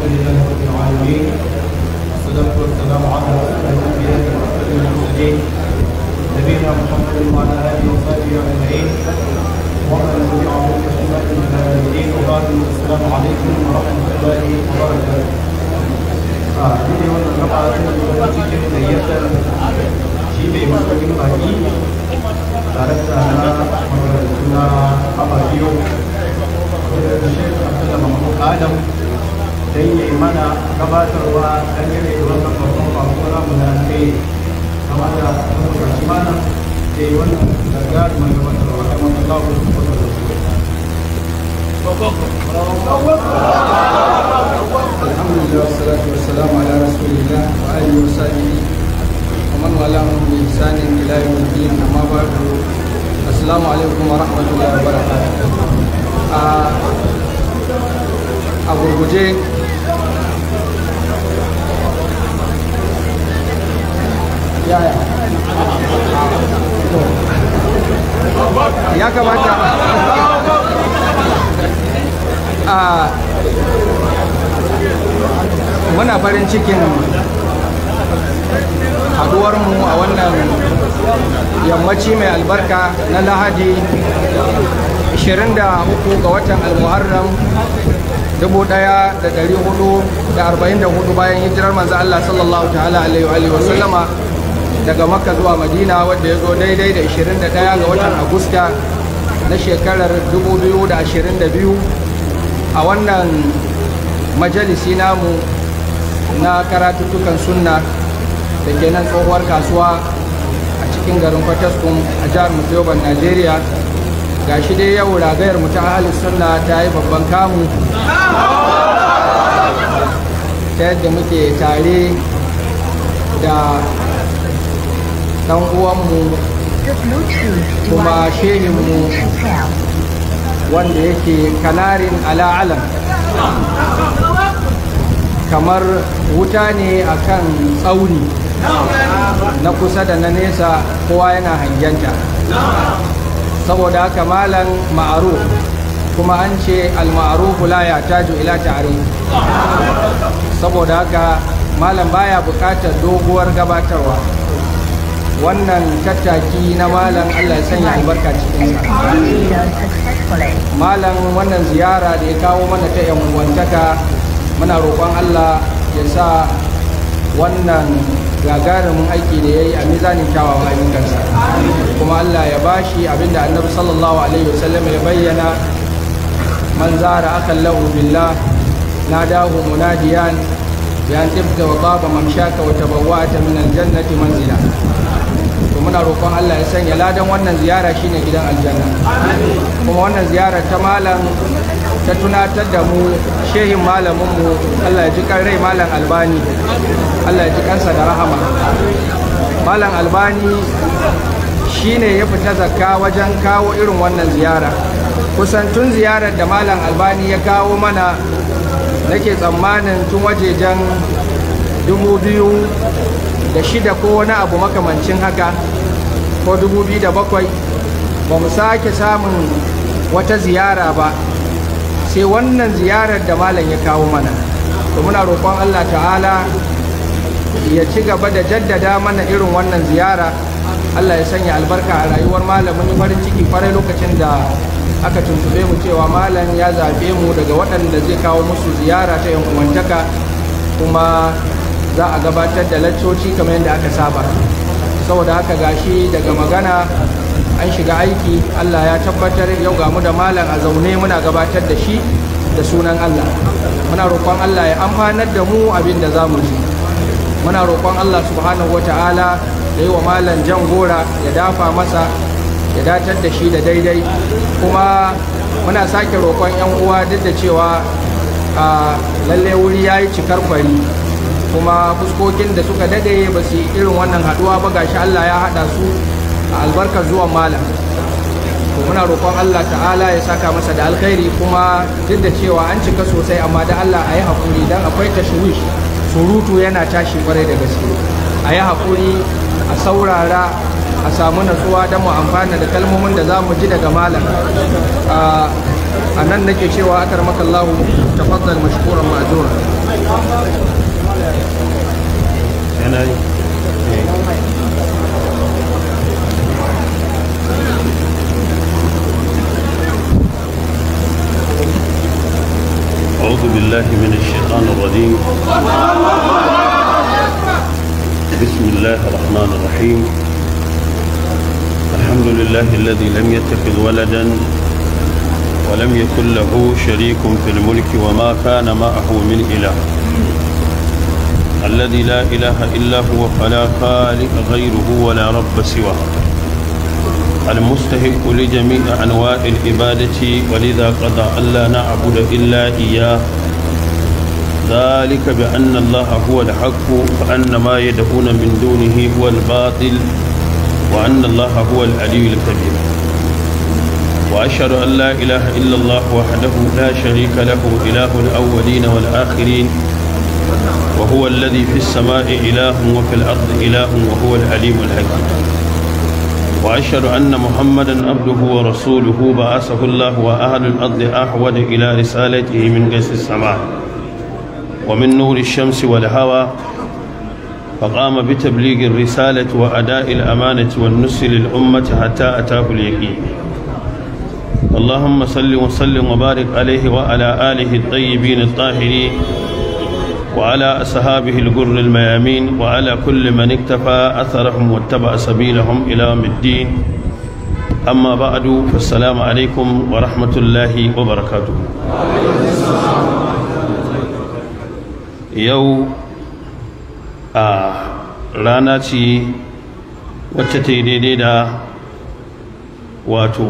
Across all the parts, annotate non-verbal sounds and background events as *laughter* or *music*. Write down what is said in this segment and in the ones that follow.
الحمد لله رب العالمين والصلاة والسلام على أسعد الأنبياء نبينا محمد وعلى آله وصحبه أجمعين ومن تبعه بإحسان إلى يوم الدين وبعد السلام ورحمة الله وبركاته. Ah, ini orang kata ada cikin da yadda shi mai matsayin baki tare da na magana suna a don ya yi mana gabatarwa dangane da wannan babban bako na mu da kai kama da lokaci mana da yi wannan gargaɗi mai gabatarwa da wani lafi da kuma da su. Alhamdulillah wassalatu wassalamu ala rasulillah wa alihi wa sahbihi wa man walahu bi ihsanin ila yawmiddin amma ba'du assalamu alaikum wa rahmatullahi wa barakatuh a gurguje ya kamata a ah, muna farin cikin haduwarmu a wannan yammaci mai albarka na lahadi 23 ga watan al-muharram 1444 bayan hijirar manzo Allah sallallahu ta'ala alaihi wa sallama daga makka zuwa madina wadda ya zo daidai da 21 ga watan agusta na shekarar 2022 a wannan majalisi namu na karatuttukan sunna da ke nan tsohuwar kasuwa a cikin garin fataskun a jihar musulman najeriya ga shi dai yau ragayar mu ta ahalin sunna ta yi babban kamu ta yadda muke tare da dan uwanmu kuma shehinmu wanda yake kanarin ala'alam kamar wuta ne a kan tsauni na kusa da na nesa kowa yana hangenta saboda haka malan ma'aru kuma an ce alma'arufu kula ya taju ila tare saboda haka malam baya bukatar doguwar gabatarwa wannan tattaki na malam Allah ya sanya albarka cikin malam wannan ziyara da ya kawo mana ta yan uwantaka muna roƙon Allah ya sa wannan gagarumin aiki da yayi yi a mizanin kyawawan ayyukansa kuma Allah ya bashi abinda annabi sallallahu alaihi wasallam ya bayyana man zara akan lahu billah dahu munadiyan بأن تبدأ وطاب wa tabawata min aljannati manzila to muna roƙon Allah ya sanya ladan wannan ziyara shine gidan aljanna kuma wannan ziyara ta malam ta tunatar da mu shehin malamin mu Allah ya ji kan rai malam albani Allah ya ji kansa da rahama malam albani shine ya fita zakka wajen kawo irin wannan ziyara kusan tun ziyarar da malam albani ya kawo mana nake tsammanin tun wajejen dubu biyu da shida ko wani abu makamancin haka ko dubu biyu da bakwai ba mu sake samun wata ziyara ba sai wannan ziyarar da malam ya kawo mana to muna roƙon allah ta'ala ya ci gaba da jaddada mana irin wannan ziyara allah ya sanya albarka a rayuwar malamin farin ciki farai lokacin da aka tuntube mu cewa malam ya zaɓe mu daga waɗanda zai kawo musu ziyara ta yan uwantaka kuma za a gabatar da laccoci kamar yadda aka saba saboda haka gashi daga magana an shiga aiki allah ya tabbatar yau ga mu da malam a zaune muna gabatar da shi da sunan allah muna roƙon allah ya amfanar da mu abin da za mu ji muna roƙon allah subhanahu wata'ala da yi wa malam jan gora ya dafa masa ya datar da shi da daidai kuma muna sake roƙon 'yan uwa duk da cewa lalle wuri ya yi cikar kwari kuma fuskokin da suka dade ba su irin wannan haduwa ba gashi Allah ya hada su a albarkar zuwan malam to muna roƙon Allah ta'ala ya saka masa da alkhairi kuma duk da cewa an cika sosai amma da Allah a yi haƙuri don akwai tashwish surutu yana tashi kwarai da gaske a yi haƙuri a saurara a samu natsuwa don mu amfana da kalmomin da za mu ji daga malam a nan nake cewa akar makallahu tafaddal mashkuran mazura أعوذ بالله من الشيطان الرجيم بسم الله الرحمن الرحيم الحمد لله الذي لم يتخذ ولدا ولم يكن له شريك في الملك وما كان معه من إله الذي لا إله إلا هو فلا خالق غيره ولا رب سواه المستحق لجميع أنواع العبادة ولذا قضى ألا نعبد إلا إياه ذلك بأن الله هو الحق وأن ما يدعون من دونه هو الباطل وأن الله هو العلي الكبير وأشهد أن لا إله إلا الله وحده لا شريك له إله الأولين والآخرين وهو الذي في السماء إله وفي الأرض إله وهو العليم الحكيم وأشهد أن محمدا عبده ورسوله بعثه الله وأهل الأرض أحوج إلى رسالته من قيس السماء ومن نور الشمس والهوى فقام بتبليغ الرسالة وأداء الأمانة والنسل للأمة حتى أتاه اليقين اللهم صل وسلم وبارك عليه وعلى آله الطيبين الطاهرين وعلى أصحابه الغر الميامين وعلى كل من اكتفى أثرهم واتبع سبيلهم إلى يوم الدين أما بعد فالسلام عليكم ورحمة الله وبركاته يو آه رانا تي وتتي ديدا واتو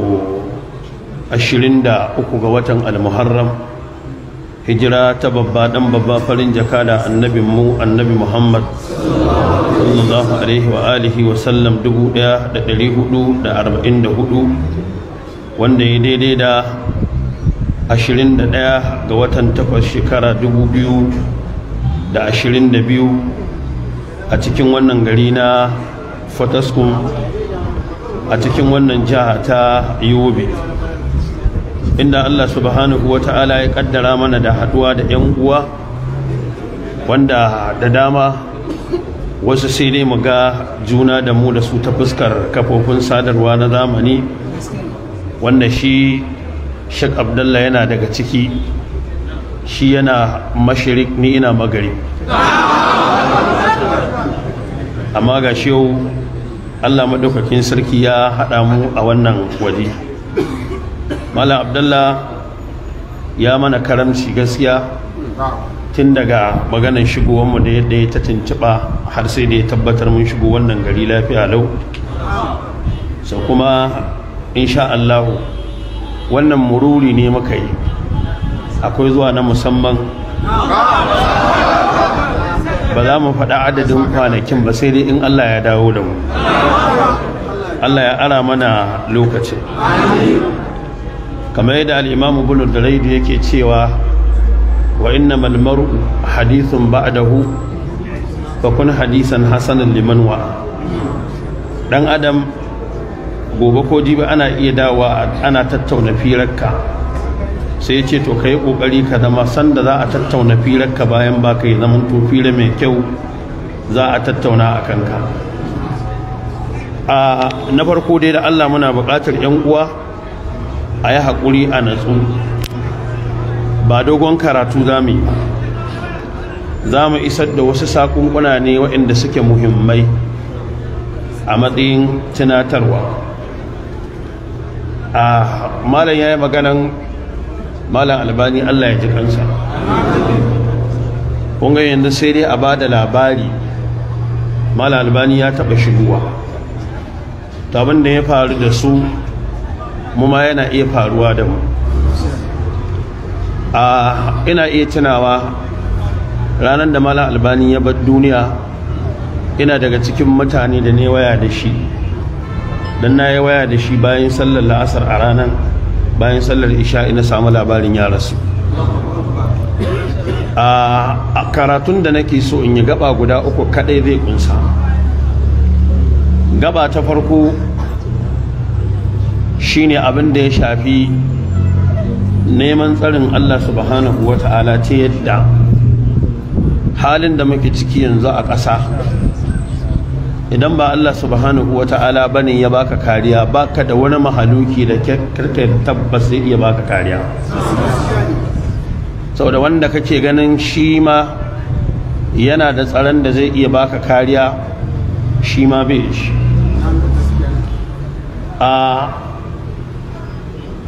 أشرين دا أكو المحرم hijira ta babba dan babba farin jaka da annabin mu annabi Muhammad sallallahu alaihi wa alihi wa sallam 1444 wanda ya daidai da 21 ga watan takwas shekara 2022 a cikin wannan gari na Fataskun a cikin wannan jiha ta Yobe inda Allah subhanahu wa ta'ala ya kaddara mana da haduwa da yan uwa wanda da dama wasu sai dai mu ga juna da mu da su ta fuskar kafofin sadarwa na zamani wanda shi Sheikh Abdullah yana daga ciki shi yana mashirik ni ina magari amma ga shi yau Allah madaukakin sarki ya hada mu a wannan waje mala abdullah ya mana karamci gaskiya tun daga maganar shigowanmu da yadda ya ta tuntuɓa har sai da ya tabbatar mun shigo wannan gari lafiya lau so kuma insha Allah wannan mururi ne muka yi akwai zuwa na musamman ba za mu faɗa adadin kwanakin ba sai dai in Allah ya dawo da mu Allah ya ara mana lokacin kamar yadda al'imamu bulur da raidu yake cewa wa inna malmaru hadithun ba'dahu fa kun hadisan hasanan liman wa dan adam gobe ko jibi ana iya dawa ana tattauna firarka sai ya ce to kai kokari ka zama sanda za a tattauna firarka bayan ba yi zama to fira mai kyau za a tattauna a kanka a na farko dai da Allah muna buƙatar 'yan uwa a yi haƙuri a natsu ba dogon karatu za mu yi za mu isar da wasu saƙunƙuna ne waɗanda suke muhimmai a matsayin tunatarwa a malam ya yi maganan malam albani allah ya ji kansa ƙunga yanzu sai dai a ba da labari malam albani ya taɓa shigowa ta da ya faru da su mu ma yana iya faruwa da mu a ina iya tunawa ranar da mala albani ya bar duniya ina daga cikin mutane da ne waya da shi don na yi waya da shi bayan sallar la'asar a ranar bayan sallar isha ina samu labarin ya rasu a karatun da nake so in yi gaba guda uku kadai zai kunsa gaba ta farko shine abin da ya shafi neman tsarin Allah subhanahu wa ta'ala ta yadda halin da muke ciki yanzu a ƙasa idan ba Allah subhanahu wa ta'ala bane ya baka kariya baka da wani mahaluki da karkai tabbas zai iya baka kariya Sau da wanda kake ganin shi ma yana da tsaron da zai iya baka kariya shi ma bai shi ah,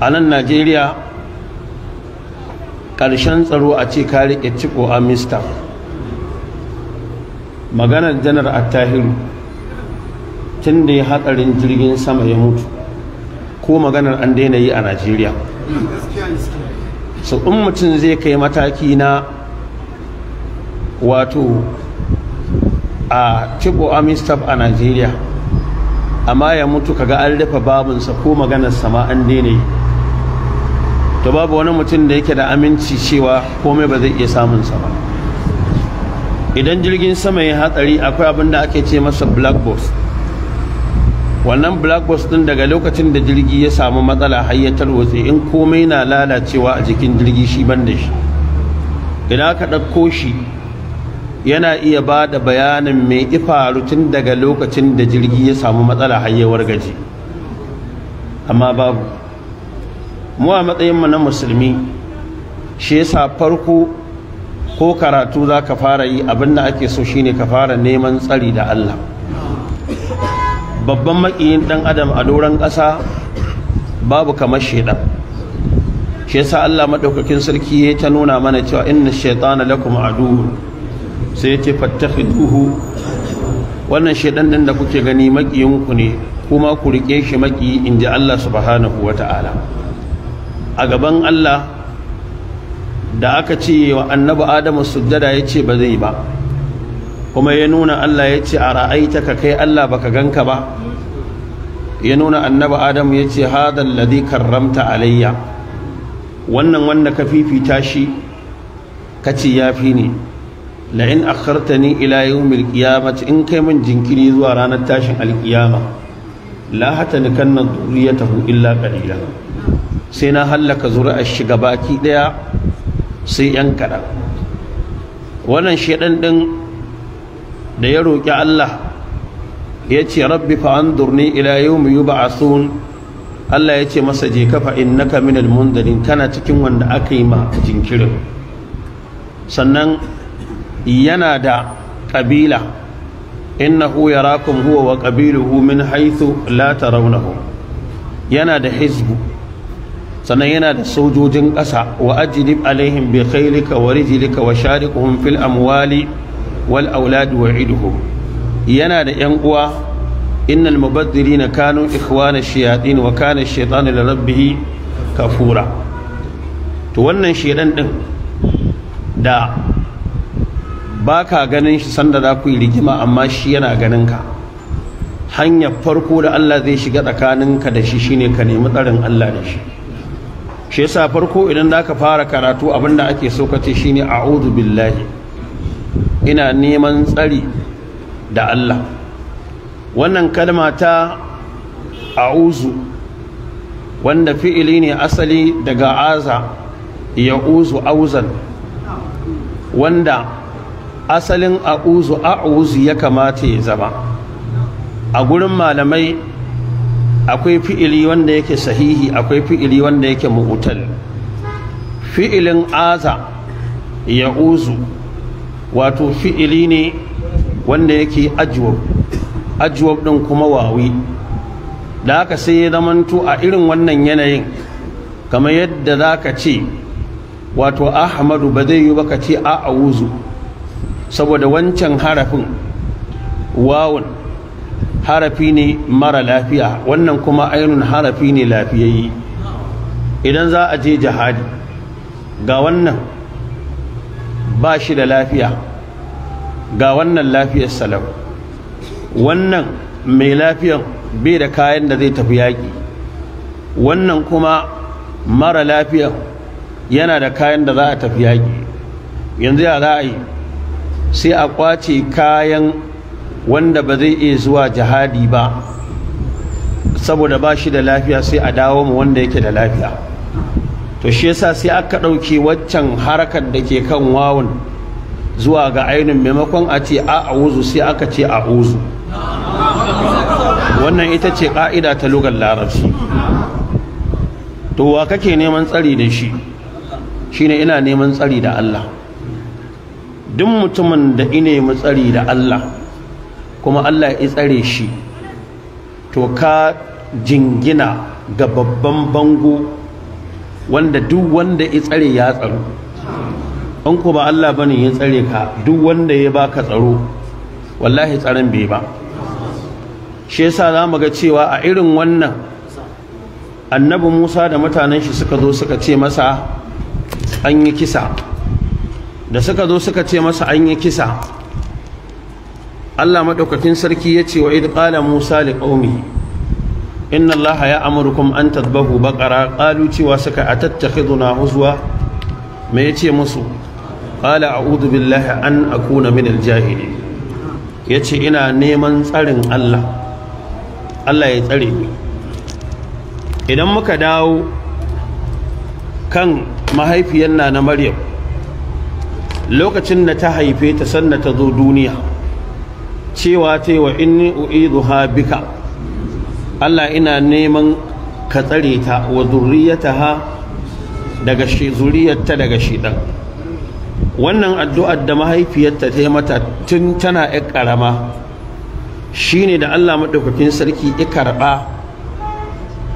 a nan najeriya ƙarshen tsaro a ce ka riƙe ciko a mista maganar janar attahiru tun da ya hatsarin jirgin sama ya mutu ko maganar an daina yi a najeriya su in mutum zai kai mataki na wato a ciko army a najeriya amma ya mutu kaga an rufe babinsa ko maganar sama an daina yi to babu wani mutum da yake da aminci cewa komai ba zai iya samun sa ba idan jirgin sama ya hatsari akwai abin da ake ce masa black box wannan black box din daga lokacin da jirgi ya samu matsala hayyatar ya in komai na lalacewa a jikin jirgi shi ban da shi idan aka ɗauko shi yana iya ba da bayanin mai ifaru tun daga lokacin da jirgi ya samu matsala hayyawar gaji amma babu mu a matsayinmu na musulmi shi yasa farko ko karatu za ka fara yi abin da ake so shine ka fara neman tsari da Allah babban makiyin dan adam a doron ƙasa babu kamar shaidan shi yasa Allah madaukakin sarki ya ta nuna mana cewa inna shaitana lakum adu sai ce fattakhiduhu wannan shaidan din da kuke gani makiyin ne kuma ku rike shi maki inji Allah subhanahu wataala a gaban Allah da aka ce wa annabi Adamu sujjada ya ce ba zai ba kuma ya nuna Allah ya ce a ra'aita ka kai Allah baka ganka ba ya nuna annabi Adamu ya ce hadha karramta alayya wannan wanda ka fifita shi kace yafi ne La'in akartani akhartani ila yawmil qiyamati in kai min jinkiri zuwa ranar tashin alqiyama la hatanikanna dhurriyatahu illa qalila sai na hallaka zuri'ar shi baki daya sai yan kaɗan wannan shaidan din da ya roƙi Allah ya ce rabbi fa ne ila yawmi yub'athun Allah ya ce masa je kafa innaka minal mundarin kana cikin wanda aka yi ma jinkirin sannan yana da ƙabila innahu yarakum huwa wa qabiluhu min haythu la tarawnahum yana da hizbu sannan yana da sojojin ƙasa wa ajlib alaihim bi khailika wa rijlika wa shariquhum fil amwali wal aulad wa idhum yana da yan uwa innal mubaddirina kanu ikhwana shayatin wa kana ash-shaytanu li rabbih kafura to wannan shedan din da baka ganin shi sanda za ku yi rigima amma shi yana ganin ka hanyar farko da Allah zai shiga tsakaninka da shi shine ka nemi tsarin Allah da shi shi yasa farko idan zaka fara karatu abinda ake so ka ce shine a'udhu billahi ina neman tsari da Allah wannan kalma ta a'uzu wanda fi'ili ne asali daga aza ya'uzu auzan wanda asalin a'uzu a'uzu ya kamata ya zama a gurin malamai akwai fi'ili wanda yake sahihi akwai fi'ili wanda yake mu'utal fi'ilin aza ya uzu wato fi'ili ne wanda yake ajwab ajwab din kuma wawi da aka sai ya zamanto a irin wannan yanayin kamar yadda za ka ce wato ahmadu ba zai yi baka ce a saboda wancan harafin wawun harafi ne mara lafiya wannan kuma ainun harafi ne lafiyayye idan za a je jihadi ga wannan ba shi da lafiya ga wannan lafiyar salam wannan mai lafiyan bai da kayan da zai tafi yaƙi wannan kuma mara lafiyan yana da kayan da za a tafi yaƙi yanzu ya za a yi sai a kwace kayan wanda ba zai iya zuwa jihadi ba saboda ba shi da lafiya sai a dawo mu wanda yake da lafiya to shi yasa sai aka ɗauke waccan harakar da ke kan wawun zuwa ga ainin maimakon a ce a a'uzu sai aka ce a a'uzu wannan ita ce ƙa'ida ta lugar larabci to wa kake neman tsari da shi shine ina neman tsari da Allah duk mutumin da ina neman tsari da Allah kuma Allah ya tsare shi to ka jingina ga babban bango wanda duk wanda ya tsare ya tsaro an ku ba Allah bane ya tsare ka duk wanda ya baka tsaro wallahi tsaron bai ba shi yasa zamu ga cewa a irin wannan annabi Musa da mutanen shi suka zo suka ce masa an yi kisa da suka zo suka ce masa an yi kisa Allah maɗaukakin sarki ya ce wa idh "ƙala Musa li qaumihi inna Allah ya amurukum an tadbahu baqara qalu cewa suka atattakhiduna huzwa me yace musu qala a'udhu billahi an akuna min al-jahili yace ina neman tsarin Allah Allah ya tsare ni idan muka dawo kan mahaifiyar na na Maryam lokacin da ta haife ta sanna ta zo duniya cewa ta yi wa inni zuha bika Allah ina neman ka tsare ta wa zurriyataha daga shi zuriyarta daga wannan addu'ar da mahaifiyarta ta yi mata tun tana ƴar ƙarama shine da Allah madaukakin sarki ya karɓa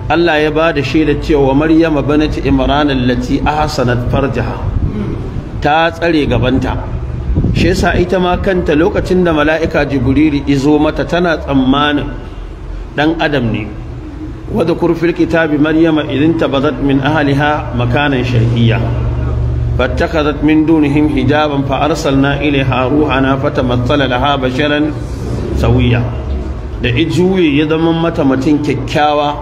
Allah ya ba da shaida cewa Maryama banati Imran allati ahsanat farjaha ta tsare gabanta shi yasa ita ma kanta lokacin da mala'ika jibril izo mata tana tsammanin dan adam ne wadda kurfil kitabi maryama idin tabazat min ahliha makanan shar'iyya فاتخذت من دونهم حجابا فارسلنا اليها روحنا فتمثل لها بشرا سويا da ijuwe ya zama mata mutum kyakkyawa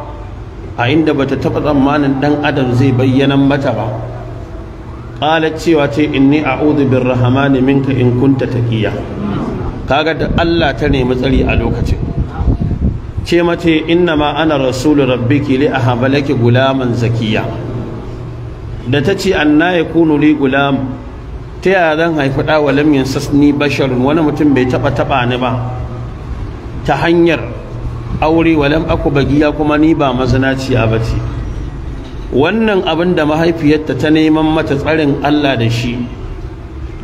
a inda bata taɓa tsammanin ɗan adam zai bayyana mata ba qalat cewa ce inni a'udhu birrahmani minka in kunta taqiya kaga da Allah ta nemi tsari a lokacin ce mace inna ma ana rasulun rabbiki li ahabalaki gulaman zakiya da ta ce anna yakunu li gulam ta yaya zan haifi ɗa wa lam yansasni basharun wani mutum bai taɓa taɓa ni ba ta hanyar aure wa lam aku bagiya kuma ni ba mazinaciya ba ce wannan abin da mahaifiyarta ta neman mata tsarin Allah da shi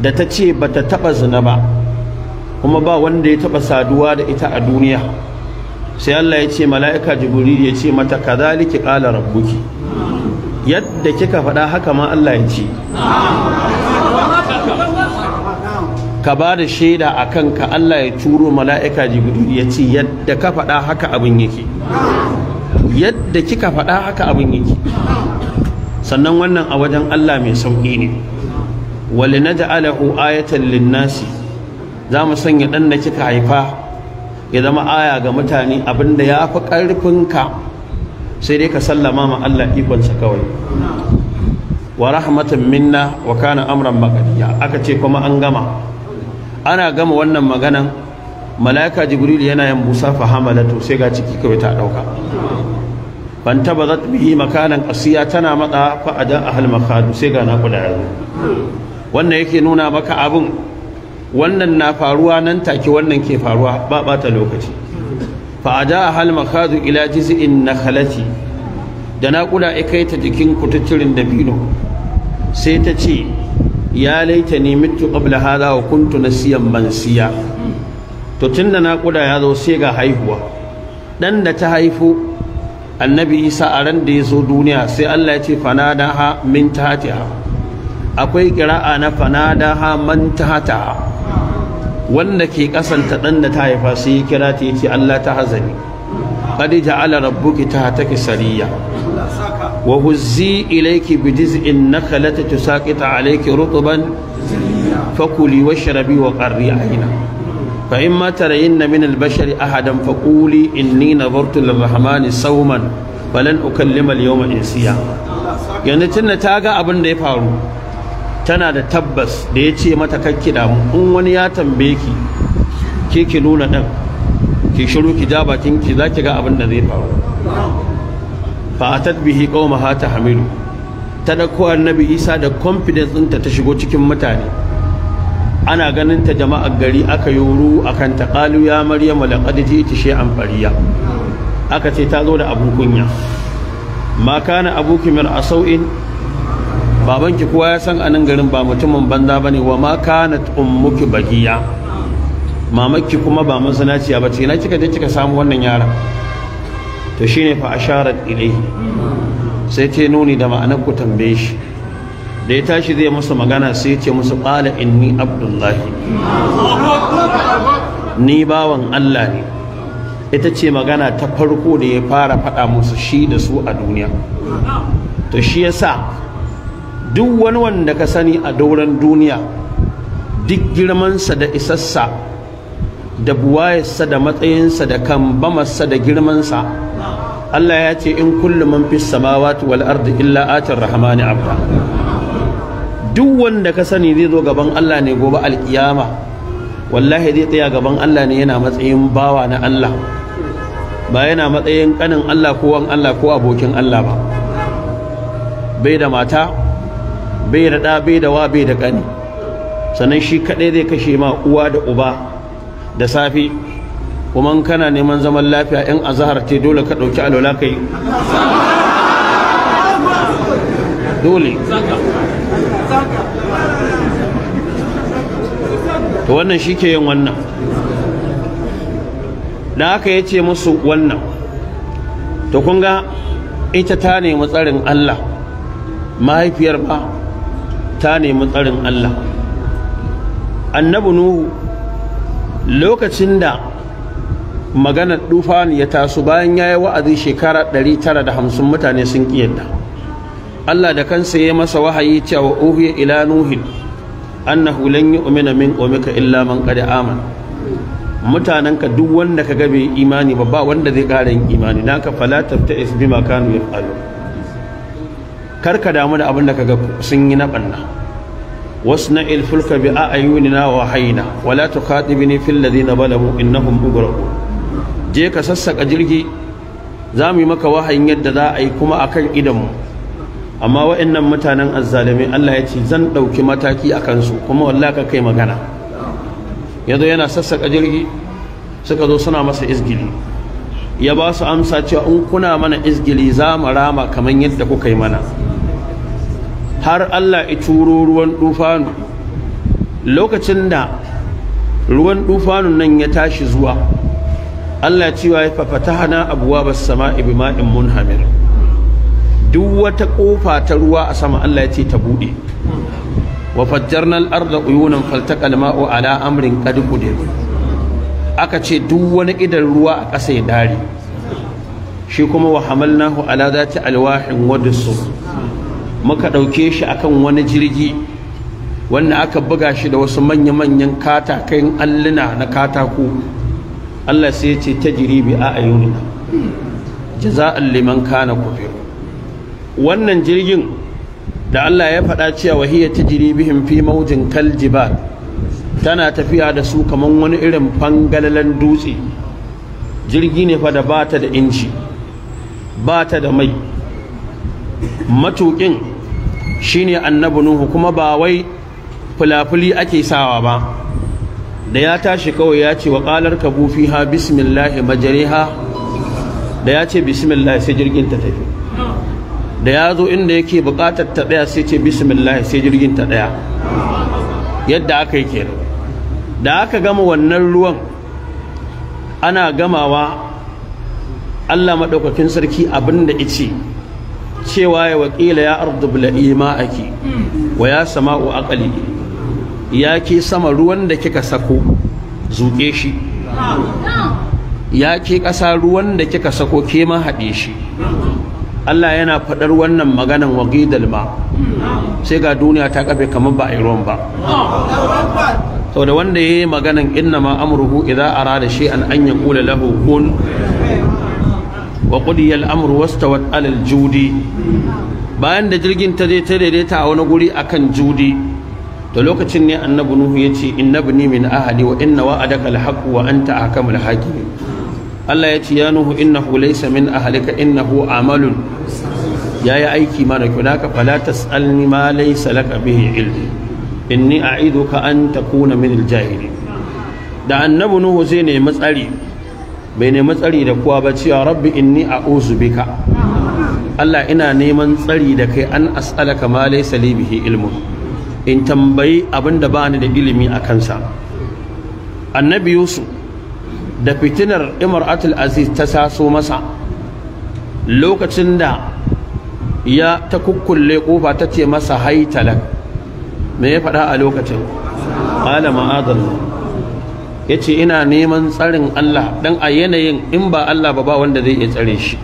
da ta ce ba ta taɓa zina ba kuma ba wanda ya taba saduwa da ita a duniya sai Allah ya ce mala'ika jibril ya ce mata kadhalika qala rabbuki yadda kika faɗa haka ma Allah ya ce ka ba da shaida a kanka Allah ya turo mala'ika jibril ya ce yadda ka faɗa haka abin yake yadda kika faɗa haka abin yake sannan wannan a wajen Allah mai sauƙi ne wali naj'alahu ayatan lin-nasi za mu sanya dan da kika haifa ya zama aya ga mutane abinda ya fi ƙarfin ka sai dai ka sallama ma Allah ikonsa kawai wa rahmatan minna wa kana amran maqdiya aka ce kuma an gama ana gama wannan maganan malaika jibril yana yin busa fa hamalatu sai ga ciki kawai ta ɗauka. ta bihi makanan qasiya tana matsa fa ada ahal makadu sai ga na kula yazo wannan yake nuna maka abin? wannan na faruwa nan take wannan ke faruwa ba bata lokaci fa ahal makadu ila na nakhlati da naƙuda kula kai ta jikin kututturin dabino sai ta ce ya laita ni mitu qabla hada wa kuntu nasiyan mansiya to tunda naƙuda ya zo sai ga haihuwa dan da ta haifo annabi isa a ran da ya zo duniya sai allah ya ce ha min tahtiha akwai kira'a na ha man tahtaha wanda ke kasanta dan da ta haifa sai ya kira ta yace allah ta hazani qad ja'ala rabbuki tahtaki sariya wa huzzi ilayki bi jiz'in nakhlati tusaqita alayki rutuban fakuli washrabi wa qarri ayna fa in ma tarayinna min al-bashari ahadan fa quli inni nadartu lir-rahmani sauman balan ukallima al-yawma insiya yanzu tunda ta ga abin da ya faru tana da tabbas da ya ce mata kakki damu in wani ya tambaye ki ki nuna dan ki shiru ki ja bakin ki zaki ga abin da zai faru fa atat bihi qaumaha hamidu ta dauko annabi Isa da confidence ɗinta ta shigo cikin mutane ana ganin ta jama'ar gari aka yi ruru akan ta qalu ya maryamu laqad ji'ti shay'an fariya aka ce ta zo da abun kunya ma kana abuki a asau'in babanki kowa ya san anan garin ba mutumin banza bane wa ma kanat ummuki bagiya mamaki kuma ba masanaciya ba ce na kika je kika samu wannan yaran to shine fa asharat ilai sai ce nuni da ma'anar ku tambaye shi da ya tashi zai musu magana sai ya ce musu qala inni abdullahi ni bawan Allah ne ita ce magana ta farko da ya fara faɗa musu shi da su a duniya to shi yasa duk wani wanda ka sani a dauran duniya duk girmansa da isassa da buwayarsa da matsayinsa da kan bamarsa da girmansa Allah ya ce in kullum man fis samawati wal ardi illa atir rahmani abda duk wanda ka sani zai zo gaban Allah ne gobe alkiyama wallahi zai tsaya gaban Allah ne yana matsayin bawa na Allah ba yana matsayin kanin Allah ko wan Allah ko abokin Allah ba bai da mata bai da ɗa bai da wa bai da ƙani sannan shi kaɗai zai kashe ma uwa da uba da safe kuma kana neman zaman lafiya in azahar te dole ka ɗauki alwala kai dole to wannan shi ke yin wannan da aka ya ce musu wannan to kun ga ita ta nemi tsarin Allah mahaifiyar ba ta nemi tsarin Allah annabi nuhu lokacin da maganar dufani ya taso bayan yayi wa'azi shekara 950 mutane sun kiyanta Allah da kansa ya masa wahayi cewa uhiya ila nuhin annahu lan yu'mina min qawmika illa man qad amana mutananka duk wanda kaga bai imani ba ba wanda zai ƙara yin imani naka fala tabta'is bima kanu yaf'alu karka damu da abin da ga sun yi na banna wasna il fulka bi a'yunina wa hayna wala tukhatibni fil ladina balamu innahum mugraqun je ka sassaka jirgi za mu yi maka wahayin yadda za a yi kuma akan idonmu. amma wa'annan mutanen azzalumi Allah ya ce zan ɗauki mataki a kansu kuma wallahi ka kai magana yanzu yana sassaka jirgi suka zo suna masa izgili ya ba su amsa cewa in kuna mana izgili za mu rama kaman yadda kuka yi mana har Allah ya turo ruwan dufanu lokacin da ruwan dufanun nan ya tashi zuwa Allah ya cewa ya fafatahana abwaabas sama'i bima'in munhamir duk wata kofa ta ruwa a sama Allah ya ce ta bude wa fajjarna al-arda uyunan faltaqa al-ma'u ala amrin qad aka ce duk wani idan ruwa a ƙasa ya dare shi kuma wa hamalnahu ala zati alwahin wadsu muka dauke shi akan wani jirgi wanda aka buga shi da wasu manya-manyan katakan alluna na katako Allah sai ya ce tajribi a ayyuna jaza'an liman kana kufiru wannan jirgin da Allah ya faɗa cewa hiya tajri bihim fi mawjin kaljibal tana tafiya da su kamar wani irin fangalalan dutse jirgi ne fa da bata da ba bata da mai Matuƙin shine annabi nuhu kuma ba wai fulafuli ake sawa ba da ya tashi kawai ya ce wa qalar bufi ha, bismillahi majariha da ya ce bismillah sai jirgin ta tafi da ya zo inda yake buƙatar ta ɗaya sai ce bismillah sai jirgin ta ɗaya yadda aka yi kenan da aka gama wannan ruwan ana gamawa Allah maɗaukakin sarki abinda ice cewa ya waƙila ya ardu bla'i ma'aki wa ya sama'u aqali ya ke sama ruwan da kika sako zuƙe shi ya ke ƙasa ruwan da kika sako ke ma haɗe shi Allah yana faɗar wannan maganan waqidal ma sai ga duniya ta kafe kamar ba a yi ruwan ba sau da wanda ya yi maganan inna ma amurhu idan ara da shi an an lahu kun wa kudiyar amur wasta wa alal judi bayan da jirgin ta ta daidaita a wani guri akan judi da lokacin ne annabi nuhu ya ce inna bini min ahali wa inna wa'adaka alhaqu wa anta ahkamul hakim Allah ya ce ya nuhu innahu laysa min ahlika innahu amalun yayi aiki mara kyau da ka fala tasalni ma laysa laka bihi ilmi inni a'iduka an takuna min al-jahili da annabi nuhu zai nemi tsari bai nemi tsari da kowa ba cewa rabbi inni a'udhu bika Allah ina neman tsari da kai an as'alaka ma laysa li bihi ilmun in tambayi abinda bani da ilimi a kansa annabi yusuf da fitinar imaratul aziz ta saso masa lokacin da ya ta kukkulle kofa ta ce masa haitalan me ya faɗa a lokacin qala ma'adallah yace ina neman tsarin Allah dan a yanayin in ba Allah ba ba wanda zai iya tsare shi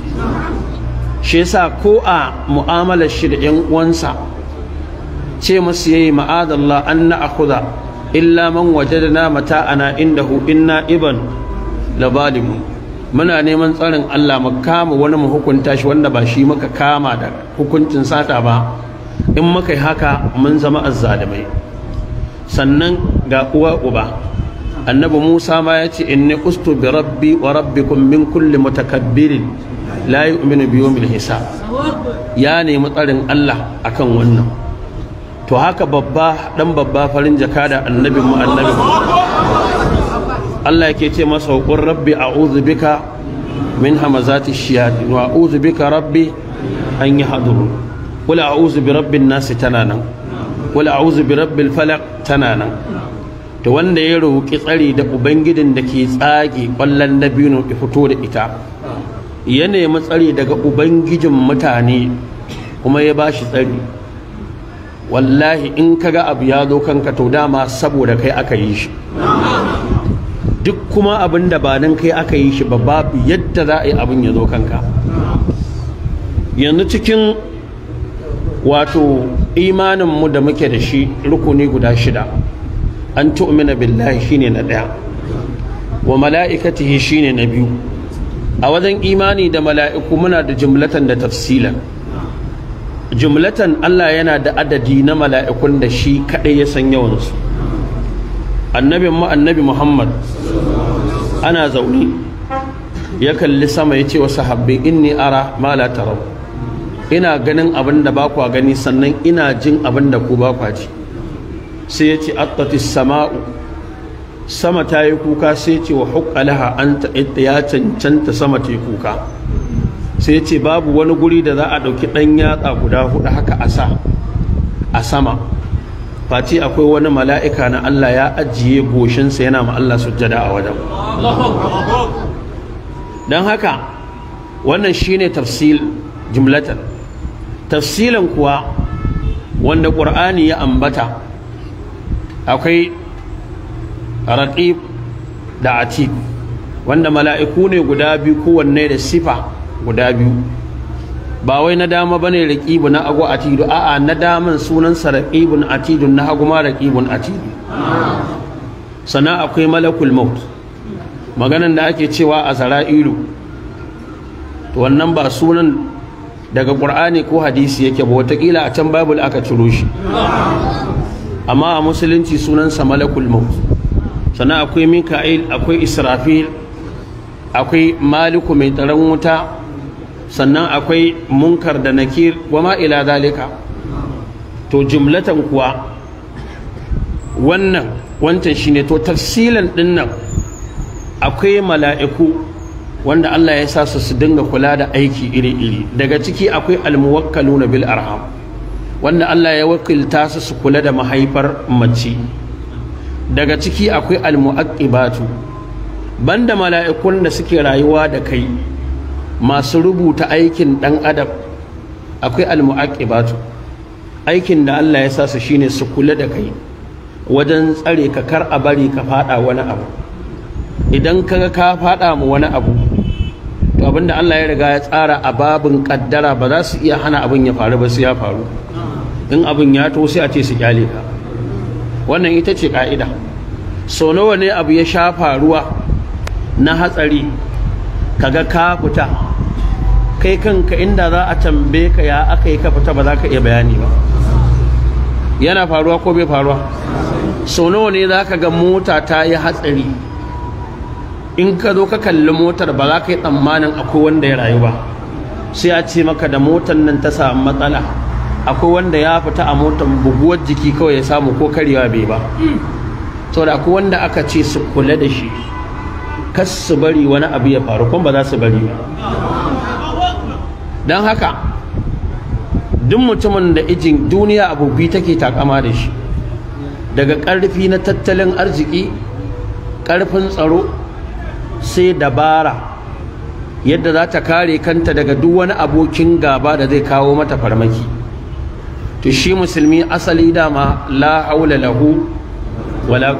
shi yasa ko a mu'amalar shi da ƴan uwansa ce musu yayi ma'adallah an na'khudha illa man wajadna mata'ana indahu inna iban labalimu muna neman tsarin Allah mu kama wani mu hukunta shi wanda ba shi muka kama da hukuncin sata ba in muka yi haka mun zama azzalimai sannan ga uwa uba annabi Musa ma ya ce inni ustu bi rabbi wa rabbikum min kulli mutakabbirin la yu'minu bi yawmil hisab ya nemi tsarin Allah akan wannan to haka babba dan babba farin jaka da annabin mu annabin mu Allah yake ce masa hukun rabbi a'udhu bika min hamazati shiyadi wa a'udhu bika rabbi an yi yahduru a a'udhu bi rabbin nan tanana a a'udhu bi falak falaq nan ta wanda ya roƙi tsari da ubangijin da ke tsage kwallon dabino ya fito da ita ya nemi tsari daga ubangijin mutane kuma ya bashi tsari wallahi in kaga abu ya zo kanka to dama saboda kai aka yi shi duk kuma abin da ba nan kai aka yi shi ba babu yadda za a yi abin ya zo kanka yanzu cikin wato imaninmu da muke da shi rukuni guda shida an tu'mina billahi shine na ɗaya wa mala'ikatihi shine na biyu a wajen imani da mala'iku muna da jumlatan da tafsila jumlatan Allah yana da adadi na mala'ikun da shi kaɗai ya san yawansu annabin mu annabi muhammad ana zaune ya kalli sama ya ce wa in inni ara ma la tarau ina ganin abin da bakwa gani sannan ina jin abin da ku bakwa ji sai ya ce attatis sama'u sama ta yi kuka sai ya ce wa hukalaha an ta ya cancanta sama ta yi kuka sai ya ce babu wani guri da za a ɗauki ɗan yatsa guda hudu haka a sa a sama Fati akwai wani mala'ika na Allah ya ajiye goshinsa yana ma Allah sujjada a wajen don haka wannan shine tafsil jumlatan tafsilan kuwa wanda ƙur'ani ya ambata akwai raqib da atid wanda mala'iku ne guda biyu kowanne da sifa guda biyu ba wai na dama bane raqibun na agwa atidu a'a na daman sunan sa raqibun na hagu ma raqibun atidu sana akwai malakul maut maganan da ake cewa a azra'ilu to wannan ba sunan daga qur'ani ko hadisi yake ba watakila a can babul aka ciro shi amma a musulunci sunansa malakul maut sana akwai mika'il akwai israfil akwai maliku mai tsaron wuta sannan akwai munkar da nakir ma ila zalika to jumlatan kuwa wannan wancan shi ne to tafsilan dinnan akwai mala'iku wanda Allah ya sa su su dinga kula da aiki iri-iri daga ciki akwai almuwakkaluna bil arham wanda Allah ya wakilta su su kula da mahaifar mace daga ciki akwai almuaqibatu banda mala'ikun da suke rayuwa da kai masu rubuta aikin dan adam akwai almu'aqibatu aikin da Allah ya sa su shine su kula da kai wajen tsare ka kar a bari ka fada wani abu idan kaga ka fada mu wani abu to abinda Allah ya riga ya tsara a babin kaddara ba za su iya hana abin ya faru ba sai ya faru in abin ya to sai a ce su kyale ka wannan ita ce ka'ida sau nawa ne abu ya sha faruwa na hatsari kaga ka fita kai kanka inda za a tambaye ka ya aka yi ka fita ba za ka iya bayani ba yana faruwa ko bai faruwa sau nawa ne za ka ga mota ta yi hatsari in ka zo ka kalli motar ba za ka yi tsammanin akwai wanda ya rayu ba sai a ce maka da motar nan ta samu matsala akwai wanda ya fita a motar buguwar jiki kawai ya samu ko karewa bai ba da akwai wanda aka ce su kula da shi kas su bari wani abu ya faru kuma ba za su bari ba don haka duk mutumin da ijin duniya abu biyu take takama da shi daga ƙarfi na tattalin arziki ƙarfin tsaro sai dabara yadda za ta kare kanta daga duk wani abokin gaba da zai kawo mata farmaki to shi musulmi asali dama la haula lahu wala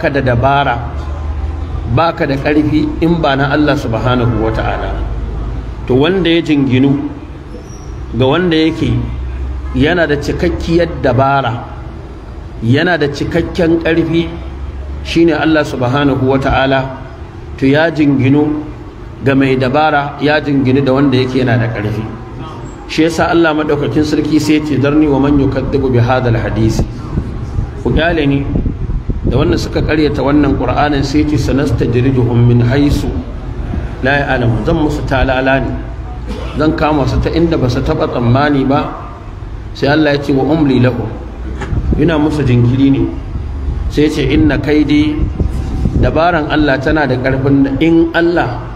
ka da dabara ba ka da ƙarfi in ba na Allah subhanahu wata'ala to wanda ya jinginu ga wanda yake yana da cikakkiyar dabara yana da cikakken ƙarfi shine Allah subhanahu wata'ala to ya jinginu ga mai dabara ya jinginu da wanda yake yana da ƙarfi shi yasa Allah madaukakin sarki sai ce darni wa man yukaddibu bi hadal hadisi ku kyale ni da wannan suka karyata wannan qur'anin sai ce jirgin min haisu la ya alamu zan musu talala ne zan kama su ta inda ba su taɓa tsammani ba sai Allah ya ce wa umli lahu ina musu jinkiri ne sai ce inna kaidi dabaran Allah tana da ƙarfin in Allah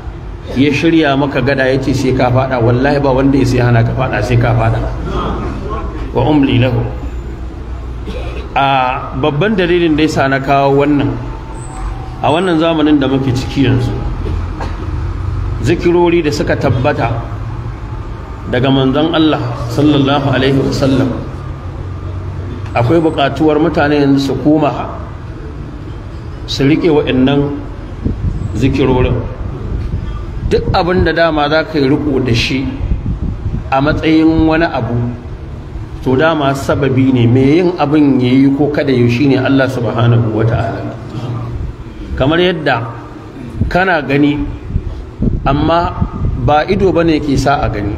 ya shirya maka gada ya ce sai ka faɗa wallahi ba wanda ya sai hana ka faɗa sai ka faɗa wa umli lahu a babban dalilin da ya sa na kawo wannan a wannan zamanin da muke ciki yanzu zikirori da suka tabbata daga manzon Allah sallallahu alaihi wasallam akwai buƙatuwar mutane yanzu su koma su riƙe waɗannan zikirorin duk abin da dama za ka yi riƙo da shi a matsayin wani abu to dama sababi ne mai yin abin ya yi ko kada yau shi ne Allah subhanahu wa ta'ala kamar yadda kana gani amma ba ido ba ne ke sa a gani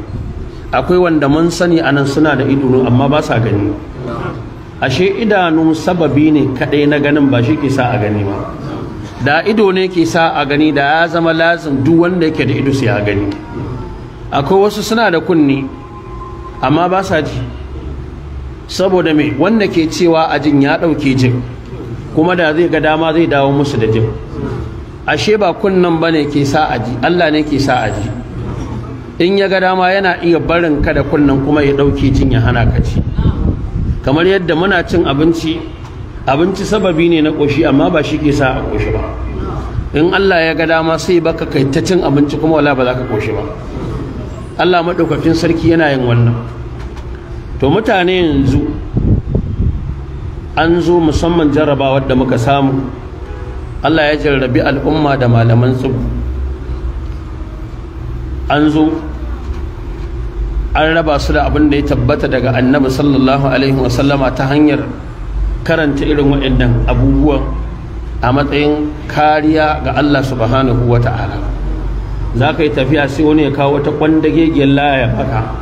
akwai wanda mun sani anan suna da ido amma ba sa gani ashe idanu sababi ne kadai na ganin ba shi ke sa a gani ba da ido ne ke sa a gani da ya zama lazim duk wanda yake da ido sai a gani akwai wasu suna da kunni amma ba sa ji saboda me wanda ke cewa ajin ya dauke jin kuma da zai ga dama zai dawo musu da jin ashe ba kunnan ba ne ke sa aji Allah ne ke sa aji in ya ga dama yana iya barin ka da kunnan kuma ya dauke cin ya hana ka ci kamar yadda muna cin abinci abinci sababi ne na koshi amma ba shi ke sa a koshi ba in Allah ya ga dama sai baka kai ta cin abinci kuma wala ba za ka koshi ba Allah madaukakin sarki yana yin wannan to mutane yanzu an zo musamman jarrabawar da muka samu Allah ya jarrabi al'umma da malaman su an zo an raba su da abin da ya tabbata daga annabi sallallahu alaihi wasallama ta hanyar karanta irin waɗannan abubuwan a matsayin kariya ga Allah subhanahu wa ta'ala za ka yi tafiya sai wani ya kawo wata kwandagegiyar laya faka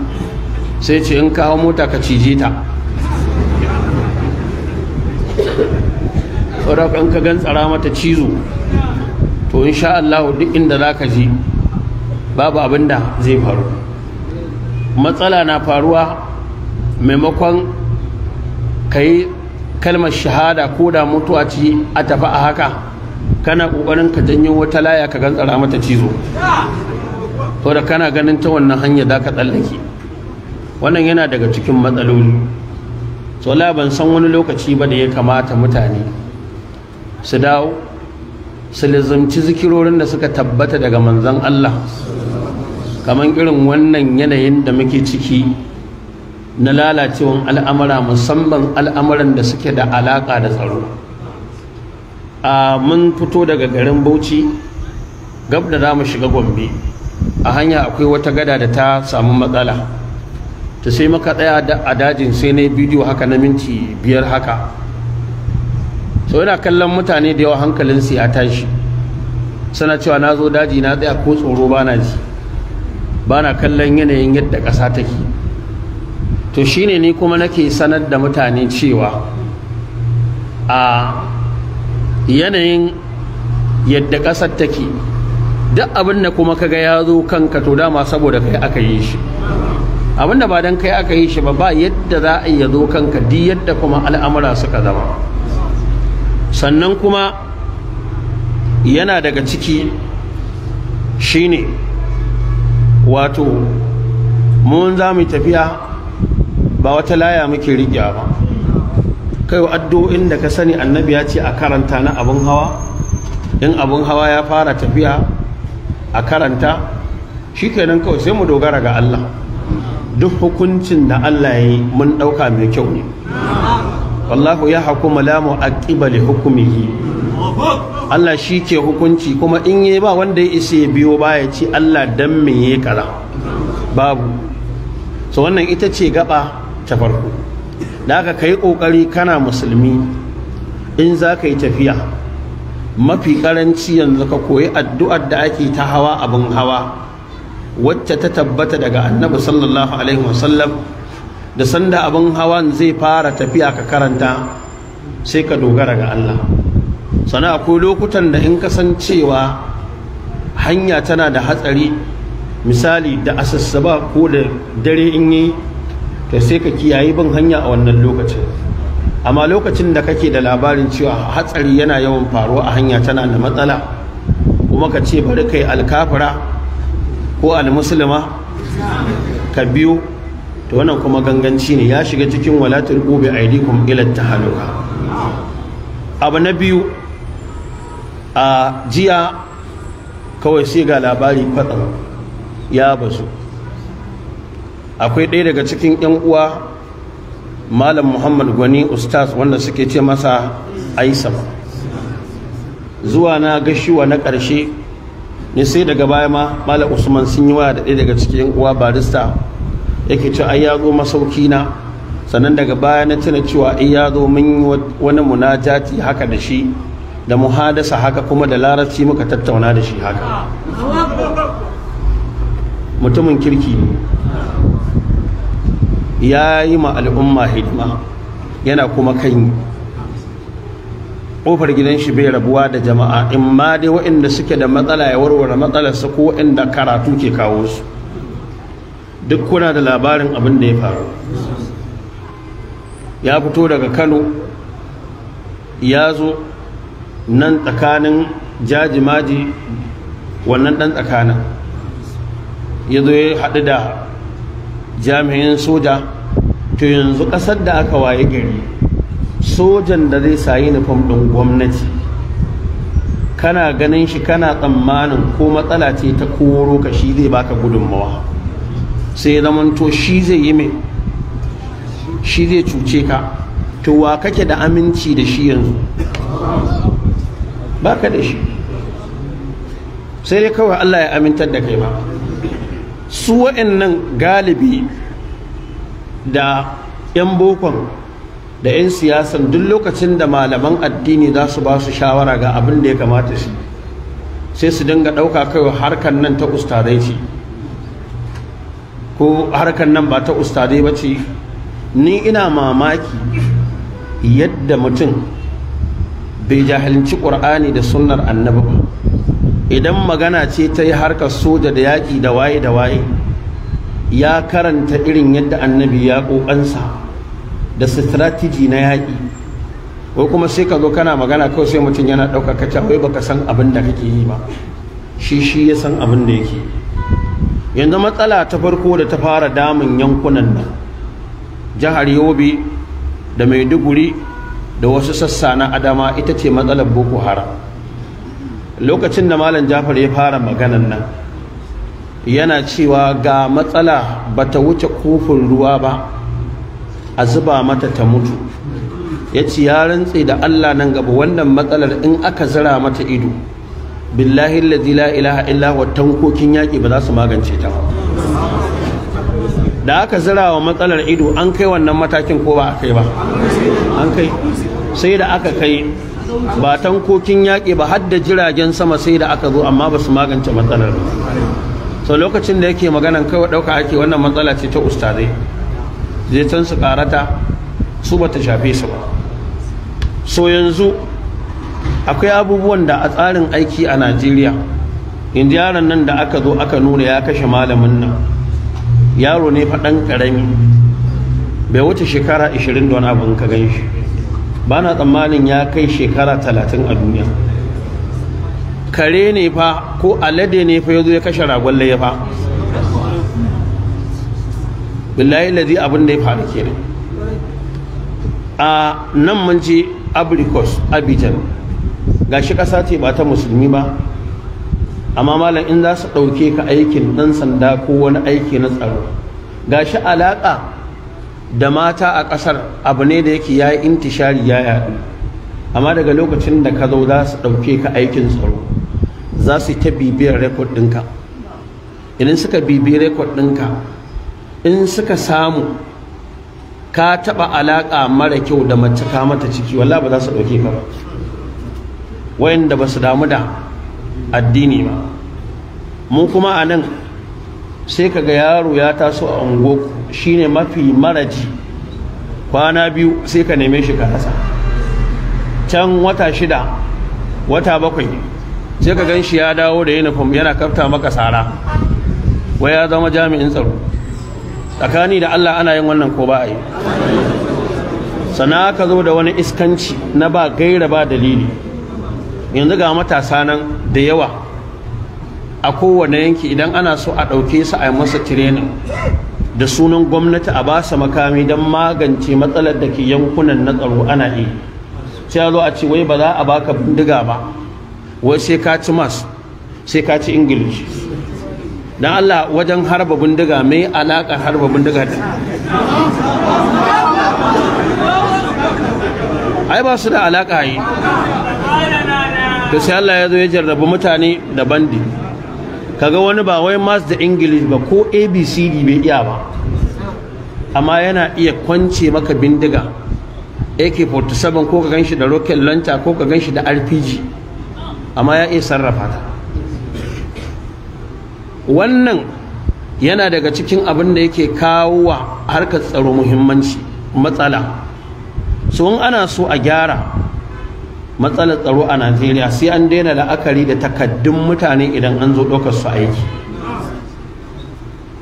sai ce in kawo mota ka cije ta saboda ka gan tsara mata cizo to insha Allah duk inda za ka je babu abin da zai faru matsala na faruwa maimakon ka yi kalmar shahada ko da mutuwa ce a tafi a haka kana kokarin ka janyo wata laya ka gan tsara mata cizo to da kana ganin ta wannan hanya za ka tsallake wannan yana daga cikin matsaloli tsola ban san wani lokaci ba da ya kamata mutane su dawo su lizumci zikirorin da suka tabbata daga manzan Allah kamar irin wannan yanayin da muke ciki na lalacewan al'amura musamman al'amuran da suke da alaƙa da tsaro a mun fito daga garin bauchi gab da za mu shiga gombe a hanya akwai wata gada da ta samu matsala ta sai maka tsaya a dajin sai na yi bidiyo haka na minti biyar haka so yana kallon mutane da yawa hankalin su ya tashi suna cewa na zo daji na tsaya ko tsoro ba na ji ba kallon yanayin yadda ƙasa take to shine ni kuma nake sanar da mutane cewa a yanayin yadda ƙasar take duk abin da kuma kaga ya zo kanka to dama saboda kai aka yi shi abin da ba don kai aka yi shi ba ba yadda za a yi ya zo kanka duk yadda kuma al'amura suka zama sannan kuma yana daga ciki shine wato mun za mu tafiya ba wata laya muke riƙe ba kai addu'o'in da ka sani annabi ya ce a karanta na abin hawa in abin hawa ya fara tafiya a karanta shi kenan kawai sai mu dogara ga Allah duk hukuncin da Allah ya yi mun ɗauka mai kyau ne wallahu ya haku malamu a ƙibali hukumihi Allah shi ke hukunci kuma in yi ba wanda ya isa ya biyo ba ya ci Allah dan me ya kaza babu so wannan ita ce gaba ta farko da aka kai kokari kana musulmi in za ka yi tafiya mafi ƙaranci yanzu ka koyi addu'ar da ake ta hawa abin hawa wacce ta tabbata daga annabi sallallahu alaihi wasallam da sanda abin hawan zai fara tafiya ka karanta sai ka dogara ga Allah sana akwai lokutan da in kasancewa hanya tana da hatsari misali da asassaba ko da dare in yi ta sai ka kiyaye bin hanya a wannan lokacin amma lokacin da kake da labarin cewa hatsari yana yawan faruwa a hanya tana da matsala kuma ka ce bari kai alkafira ko almusulma ka biyo to wannan kuma ganganci ne ya shiga cikin walatul qubi aidikum ila tahaluka abu na biyu a jiya kawai sai ga labari kwatsam ya bazu akwai ɗaya daga cikin yan uwa malam muhammad gwani ustaz wanda suke ce masa aisa zuwa na gashiwa na ƙarshe ne sai daga baya ma malam usman sun yi waya da ɗaya daga cikin yan uwa barista yake ci ai ya zo masauki na sannan daga baya na tuna cewa ai ya zo mun wani munajati haka da shi da muhadasa haka kuma da larabci muka tattauna da shi haka mutumin kirki ya yi ma al'umma hidima yana kuma kan kofar gidan shi bai rabuwa da jama'a in ma dai waɗanda suke da matsala ya warware matsalarsa ko waɗanda karatu ke kawo su duk kuna da labarin abin da ya faru ya fito daga kano ya zo nan tsakanin jajimaji wannan dan tsakanin ya zo ya haɗu da jami'in soja to yanzu ƙasar da aka waye gari sojan da zai sayi nufin ɗin gwamnati kana ganin shi kana tsammanin ko matsala ce ta koro ka shi zai baka gudunmawa sai zamanto shi zai yi mai shi zai cuce ka to wa kake da aminci da shi yanzu baka da shi sai dai kawai Allah ya amintar da kai ba su wa'annan galibi da 'yan bokon da 'yan siyasan duk lokacin da malaman addini za su ba su shawara ga abin da ya kamata shi sai su dinga ɗauka kawai harkar nan ta ustazai ce ko harkar nan ba ta ustade ba ce ni ina mamaki yadda mutum bai jahilci ƙur'ani da sunnar annabi ba idan magana ce ta yi harkar soja da yaƙi da waye da waye ya karanta irin yadda annabi ya ƙoƙansa da strategy na yaƙi Ko kuma sai ka zo kana magana kawai sai mutum yana ɗaukaka cewa wai baka san abin da kake yi ba shi shi ya san abin da yake yi yanzu matsala ta farko da ta fara damun yankunan nan jihar yobe da maiduguri da wasu sassa na adama ita ce matsalar boko haram lokacin da malam jafar ya fara maganan nan yana cewa ga matsala ba ta wuce kofin ruwa ba a zuba mata ta mutu ya ci ya rantse da allah nan gaba wannan matsalar in aka zira mata ido billahi allazi la ilaha illa wa tankokin yaki ba za su magance ta da aka zira wa matsalar ido an kai wannan matakin ko ba a kai ba an kai sai da aka kai ba tankokin yaƙi ba har jiragen sama sai da aka zo amma ba su magance matsalar ba so lokacin da yake maganan kawai ɗauka ake wannan matsala ce ta ustazai zai can su karata su ba ta shafe su ba so yanzu akwai abubuwan da a tsarin aiki a najeriya yanzu yaron nan da aka zo aka nuna ya kashe malamin nan yaro ne faɗan ƙarami bai wuce shekara 20 da wani abin ka gan shi ba na tsammanin ya kai shekara 30 a duniya kare ne fa ko alade ne fa ya zo ya kashe ragon laye fa billahi ladi abin da ya faru kenan a nan mun ce abricos abidjan gashi ƙasa ce ba ta musulmi ba amma malam in za su ɗauke ka aikin ɗan sanda ko wani aiki na tsaro gashi alaƙa da mata a ƙasar abu ne da yake yayi intishari ya yaɗu amma daga lokacin da ka zo za su ɗauke ka aikin tsaro za su ta bibiyar rekod ɗinka idan suka bibi rekod ɗinka in suka samu ka taɓa alaƙa mara kyau da mace ka mata ciki wala ba za su ɗauke ka ba wayanda ba su damu da addini ba mu kuma a nan sai kaga yaro ya taso a ungo shine mafi maraji kwana biyu sai ka neme shi ka rasa can wata shida wata bakwai sai ka gan shi ya dawo da uniform yana kafta maka sara wai ya zama jami'in tsaro tsakani da Allah ana yin wannan ko ba a yi sana ka zo da wani iskanci na ba gaira ba dalili yanzu ga matasa nan da yawa a kowane yanki idan ana so a ɗauke su a yi masa tirenin da sunan gwamnati a basa makami don magance matsalar da ke yankunan na tsaro ana yi sai ya zo a ce wai ba za a baka bindiga ba wai sai ka ci mas sai ka ci ingilishi don allah wajen harba bindiga mai alaƙa harba bindiga da ai ba su da alaƙa yi to sai Allah ya zo ya jarrabu mutane da bandi kaga wani ba wai mas da english ba ko abcd bai iya ba amma yana iya kwance maka bindiga ak-47 ko ka ganshi da rocket launcher ko ka ganshi da rpg amma ya iya sarrafa ta wannan yana daga cikin abin da yake kawo wa harkar tsaro muhimmanci matsala so in ana so a gyara matsalar tsaro a najeriya sai an daina la'akari da takaddun mutane idan an zo ɗaukar su aiki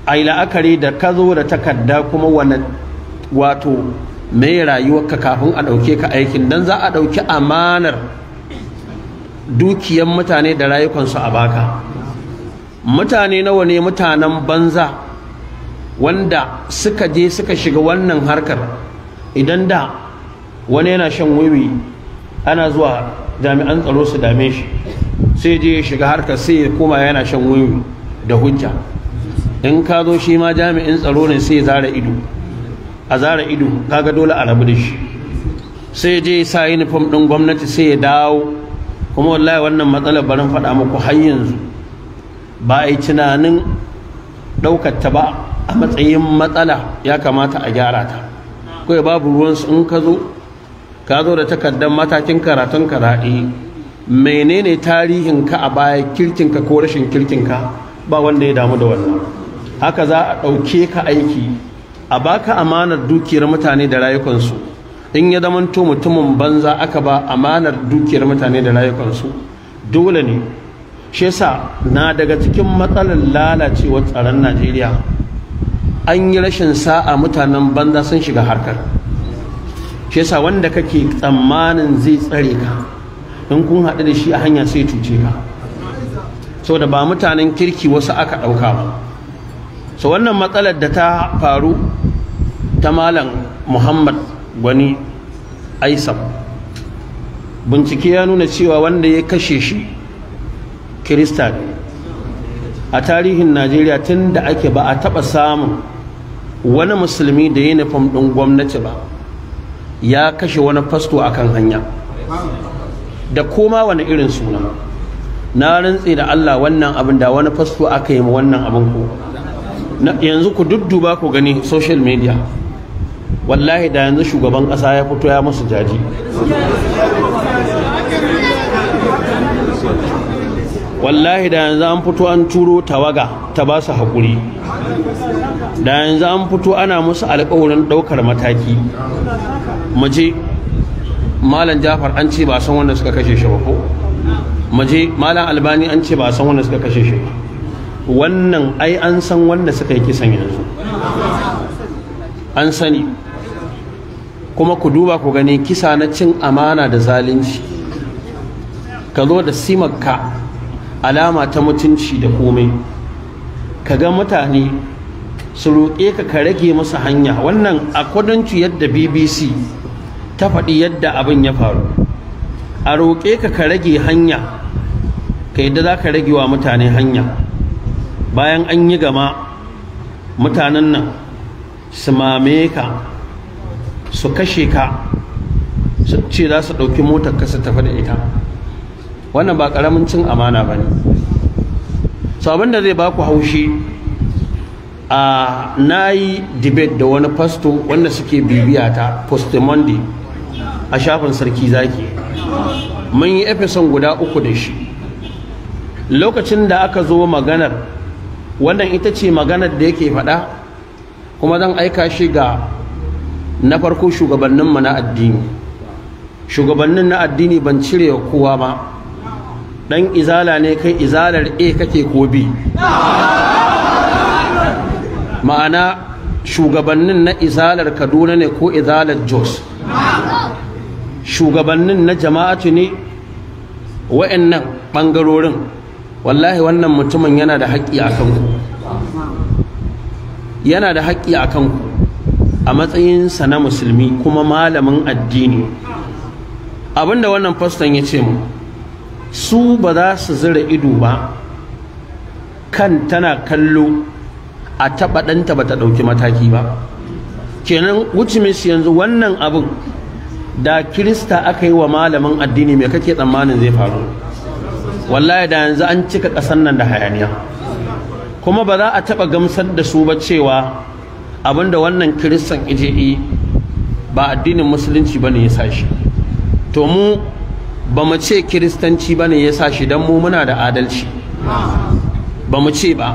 a yi la'akari da ka zo da takadda kuma wani wato mai rayuwarka kafin a ɗauke ka aikin don za a ɗauki amanar dukiyar mutane da rayukansu a baka mutane nawa ne mutanen banza wanda suka je suka shiga wannan harkar idan da wani yana shan wiwi ana zuwa jami'an tsaro su dame shi sai je ya shiga harkar sai ya koma yana shan wuyu da hujja in ka zo shi ma jami'in tsaro ne sai ya zara ido a zara ido kaga dole a rabu da shi sai je sa uniform din gwamnati sai ya dawo kuma wallahi wannan matsalar barin faɗa muku har yanzu ba a yi tunanin ɗaukar ta ba a matsayin matsala ya kamata a gyara ta kawai babu ruwansu in ka zo ka zo da takardar matakin karatun kara'i menene tarihin ka a baya kirkinka ko rashin kirkinka ba wanda ya damu da wannan haka za a ɗauke ka aiki a baka amanar dukiyar mutane da rayukansu in ya zamanto mutumin banza aka ba amanar dukiyar mutane da rayukansu dole ne shi yasa na daga cikin matsalar lalacewar tsaron Najeriya an yi rashin sa'a mutanen banza sun shiga harkar shi yasa wanda kake tsammanin zai tsare ka in kun haɗu da shi a hanya sai cuce ka saboda ba mutanen kirki wasu aka ɗauka ba so wannan matsalar da ta faru ta malam muhammad gwani aisam bincike ya nuna cewa wanda ya kashe shi kirista a tarihin najeriya tun da ake ba a taɓa samun wani musulmi da yi nufin ɗin gwamnati ba ya kashe wani fasto akan hanya da koma wani irin suna na rantse da Allah wannan abin da wani fasto aka yi wannan abin ko yanzu ku dudduba ku gani social media wallahi da yanzu shugaban ƙasa ya fito ya musu jaji wallahi da yanzu an fito an turo tawaga ta ba su haƙuri da yanzu an fito ana musu alƙawarin ɗaukar mataki maje malam jafar an ce ba san wanda suka kashe shi ba ko maje malam albani an ce ba san wanda suka kashe shi wannan ai an san wanda suka yi kisan yanzu an sani kuma ku duba ku gani kisa na cin amana da zalunci ka zo da simarka alama ta mutunci da komai ka ga mutane su roƙe ka ka rage musu hanya wannan a kudancu yadda bbc ta faɗi yadda abin ya faru a roƙe ka ka rage hanya ka yadda za ka rage wa mutane hanya bayan an yi gama mutanen nan su mame ka su kashe ka su ce za su ɗauki motar ka su tafi da ita wannan ba ƙaramin cin amana ba ne sabon da zai baku haushi a na yi debate da wani fasto wanda suke bibiya ta post a shafin sarki zaki mun yi efeson guda uku da shi lokacin da aka zo maganar wannan ita ce maganar da yake faɗa kuma zan aika shi ga na farko shugabanninmu na addini shugabannin na addini ban cire wa kowa ba dan izala ne kai izalar a kake ko b ma'ana shugabannin na izalar kaduna ne ko izalar jos shugabannin na jama'atu ne wa'annan ɓangarorin wallahi wannan mutumin yana da haƙƙi a kanku yana da haƙƙi a kanku a matsayinsa na musulmi kuma malamin addini abinda wannan faston ya ce mu su ba za su zira ido ba kan tana kallo a taɓa ɗanta ba ta ɗauki mataki ba kenan wuce yanzu wannan abin da kirista aka yi wa malamin addini mai kake tsammanin zai faru wallahi da yanzu an cika ƙasar nan da hayaniya kuma ba za a taɓa gamsar da su ba cewa abinda wannan kiristan ije ba addinin musulunci ba ne ya sa to mu ba mu ce kiristanci ba ne ya sa don mu muna da adalci ba mu ce ba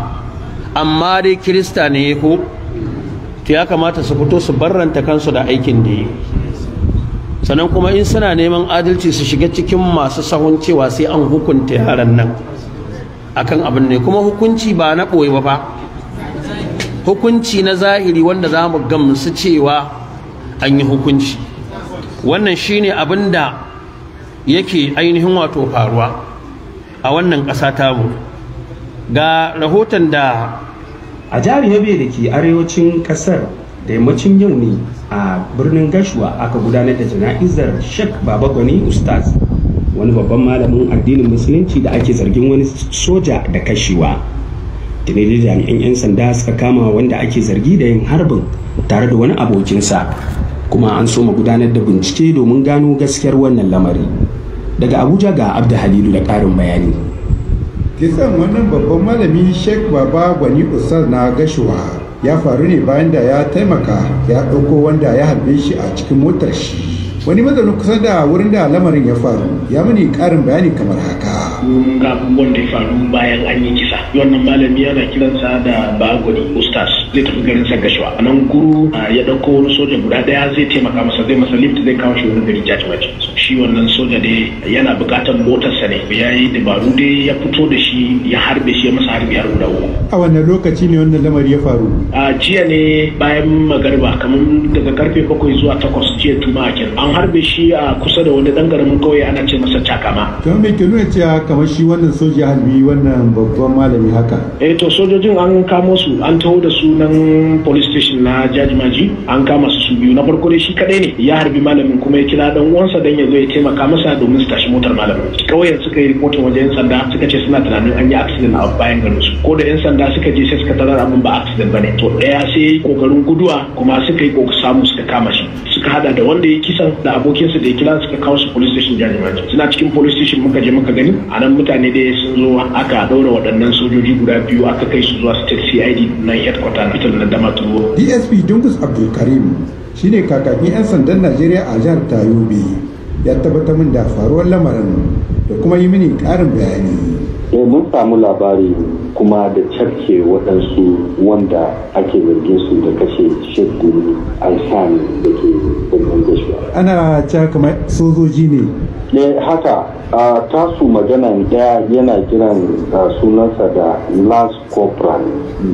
amma dai kirista ne ya ko to ya kamata su fito su barranta kansu da aikin da yi sannan kuma in suna neman adalci su shiga cikin masu sahun cewa sai an hukunta yaran nan akan abin ne kuma hukunci ba na ɓoye ba hukunci na zahiri wanda za mu gamsu cewa an yi hukunci wannan shine abin da yake ainihin wato faruwa a wannan ƙasa tamu ga rahoton da a ya bai da ke arewacin ƙasar da yammacin yau ne a birnin gashuwa aka gudanar da jana'izar shek baba gwani ustaz wani babban malamin addinin musulunci da ake zargin wani soja da kashewa tuni da jami'an 'yan sanda suka kama wanda ake zargi da yin harbin tare da wani abokinsa kuma an soma gudanar da bincike domin gano gaskiyar wannan lamari daga abuja ga abda halilu da karin bayani kisan wannan babban malami shek baba gwani ustaz na gashuwa ya faru ne bayan da ya taimaka ya ɗauko wanda ya harbe shi a cikin motar shi wani mazaunin kusa da wurin da lamarin ya faru ya muni ƙarin bayani kamar haka kun ga abubuwan da ya faru bayan an yi kisa wannan malami yana kiransa da bagoni ustaz zai tafi garin sagashawa a nan guru ya dauko wani soja guda daya zai taimaka masa zai masa lift zai kawo shi wurin garin jajimaji shi wannan soja dai yana bukatar motarsa ne ya yi dabaru dai ya fito da shi ya harbe shi ya masa harbi har guda uku a wannan lokaci ne wannan lamari ya faru a jiya ne bayan magariba kamar daga karfe bakwai zuwa takwas jiya tuma an harbe shi a kusa da wani dan garin kauye ana ce masa cakama don me ke nuna cewa kamar shi wannan soja halbi wannan babban malami haka eh to sojojin an kamo su an taho da su nan police station na jaji maji an kama su su biyu na farko dai shi kadai ne ya harbi malamin kuma ya kira dan uwansa dan ya zo ya taimaka masa domin su tashi motar malamin kauyen suka yi rikotin wajen yan sanda suka ce suna tunanin an yi accident a bayan garin su ko da yan sanda suka je sai suka tarar abin ba accident bane to daya sai kokarin guduwa kuma suka yi kokarin samu suka kama shi suka hada da wanda ya kisan da abokinsa da ya kira suka kawo su police station jaji maji suna cikin police station muka je muka gani a nan mutane da ya zo aka ɗaura waɗannan sojoji guda biyu aka kai su zuwa state cid na headquarter fitar na damaturu dsp dungus abdulkarim shine kakakin 'yan sandan najeriya a jihar tayobe ya tabbatar min da faruwar lamarin da kuma yi mini ƙarin bayani eh, mun samu labari kuma da cafke waɗansu wanda ake zargin su da kashe shekuru alsani da ke ɗan ana cewa kamar sojoji ne eh, haka a tasu magana daya yana kiran sunansa da last corporal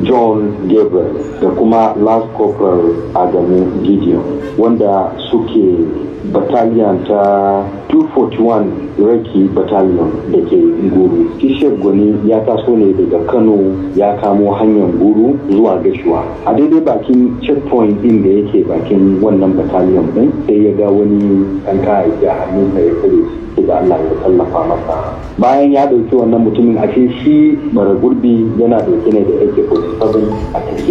john gabriel da kuma last corporal adamu gideon wanda suke battalion ta 241 raki battalion da ke guru kishiyar gwani ya taso ne daga kano ya kamo hanyar guru zuwa gashuwa a daidai bakin checkpoint din da yake bakin wannan battalion din sai ya ga wani ɗan ka'a ya hannunsa ya kare shi da allah tallafa masa bayan ya ɗauki wannan mutumin a shi bara gurbi yana ɗauke ne da ak-47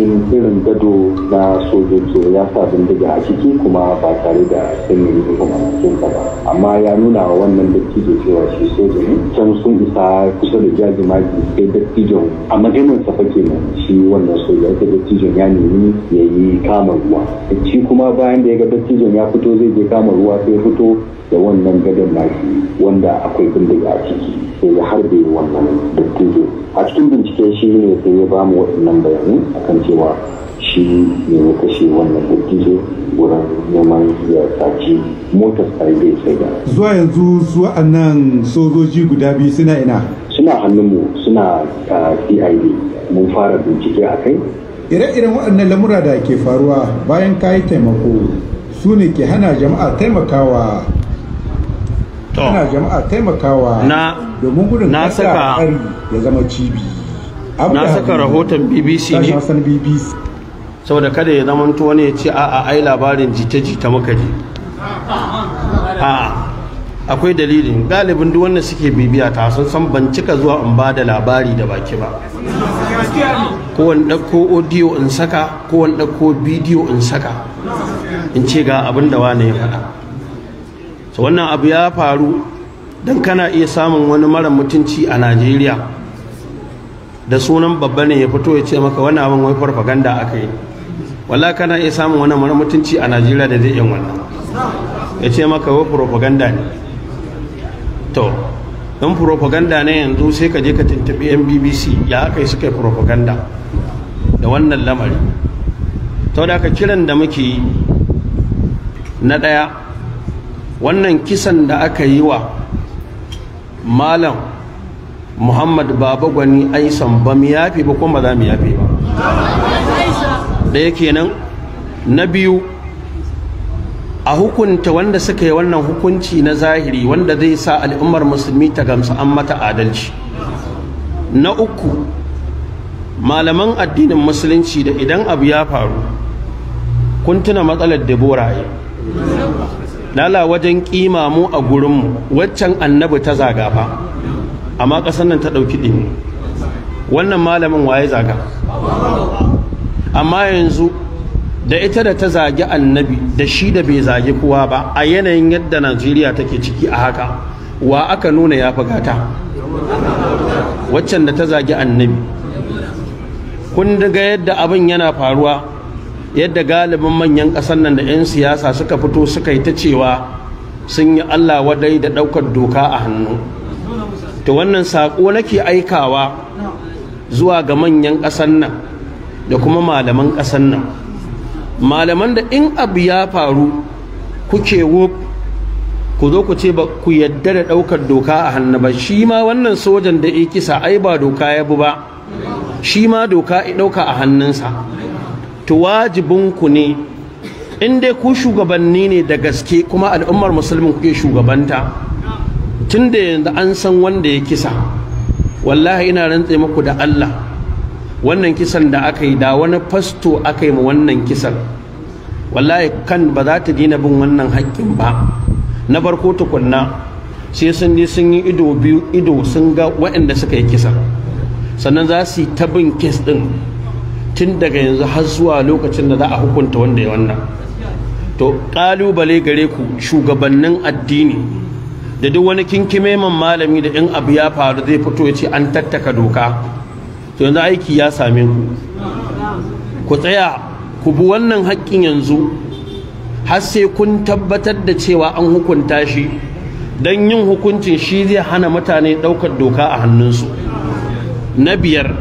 wani irin gado na sojoji ya sa bindiga a ciki kuma ba tare da sanin hukumancin ba amma ya nuna wa wannan dattijo cewa shi soja ne can sun isa kusa da maji sai dattijon a maganin sa fake nan shi wannan soja sai dattijon ya nemi ya yi kama ruwa shi kuma bayan da ya ga dattijon ya fito zai je kama ruwa sai ya fito da wannan gadon maji wanda akwai bindiga a ciki sai ya harbe wannan dattijo a cikin bincike shi ne sai ya ba bamu waɗannan bayanai akan ce. cewa shi ne ya kashe wannan burgizo wurin neman ya tsaki motar tsaye sai da zuwa yanzu su wa'annan sojoji guda biyu suna ina suna hannunmu suna cid mun fara bincike a kai ire-iren waɗannan lamura da ke faruwa bayan kayi taimako su ne ke hana jama'a taimakawa hana jama'a taimakawa domin gudun kasa ya zama cibi na saka rahoton bbc ne saboda kada ya zamanto wani ya ce a'a ai labarin jita-jita muka ji a'a akwai dalilin galibin duk wanda suke bibiya ta sun san ban cika zuwa in ba da labari da baki ba ko ɗauko audio in saka ko in ɗauko bidiyo in saka in ce ga abin da wane ya faɗa wannan abu ya faru don kana iya samun wani mara mutunci a najeriya da sunan babba ne ya fito ya ce maka wani abin wai farfaganda aka yi wala kana iya samun wani mara mutunci a najeriya da zai yin wannan ya ce maka wai farfaganda ne to don farfaganda ne yanzu sai ka je ka tuntubi yan bbc ya aka yi suka yi farfaganda da wannan lamari ta da aka kiran da muke yi na ɗaya wannan kisan da aka yi wa malam muhammad baba gwani aisan ba mu yafe ba kuma za mu yafe ba Daya kenan na biyu a hukunta wanda suka yi wannan hukunci na zahiri wanda zai sa al'ummar musulmi ta gamsu an mata adalci na uku malaman addinin musulunci da idan abu ya faru kun tuna matsalar debora lala wajen kima mu a gurinmu waccan annabi ta zagafa amma ƙasar nan ta ɗauki ɗin wannan malamin waye zaga amma yanzu da ita da ta zagi annabi da shi da bai zagi kowa ba a yanayin yadda najeriya take ciki a haka wa aka nuna ya gata waccan da ta zagi annabi kun daga yadda abin yana faruwa yadda galibin manyan ƙasar nan da 'yan siyasa suka fito suka yi ta cewa sun yi allah wadai da ɗaukar doka a hannu to wannan saƙo nake aikawa zuwa ga manyan ƙasan nan da kuma malaman ƙasan nan malaman da in abu ya faru kuke wuf ku zo ku ce ba ku yadda da ɗaukar doka a hannu ba shi ma wannan sojan da ya kisa ai ba doka ya bu ba shi ma doka ya ɗauka a hannunsa to ku ne in dai ku shugabanni ne da gaske kuma al'ummar musulmin kuke shugabanta tun da yanzu an san wanda ya kisa wallahi ina rantse muku da Allah wannan kisan da aka yi da wani fasto aka yi ma wannan kisan wallahi kan ba za ta dina bin wannan haƙƙin ba na farko tukunna sai sun je sun yi ido biyu ido sun ga waɗanda suka yi kisa sannan za su yi ta bin kes ɗin tun daga yanzu har zuwa lokacin da za a hukunta wanda ya wannan to ƙalubale gare ku shugabannin addini da duk wani kinkimeman malami da in abu ya faru zai fito ya ce an tattaka doka to yanzu aiki ya same ku ku tsaya ku bi wannan haƙƙin yanzu har sai kun tabbatar da cewa an hukunta shi don yin hukuncin shi zai hana mutane ɗaukar doka a hannunsu na biyar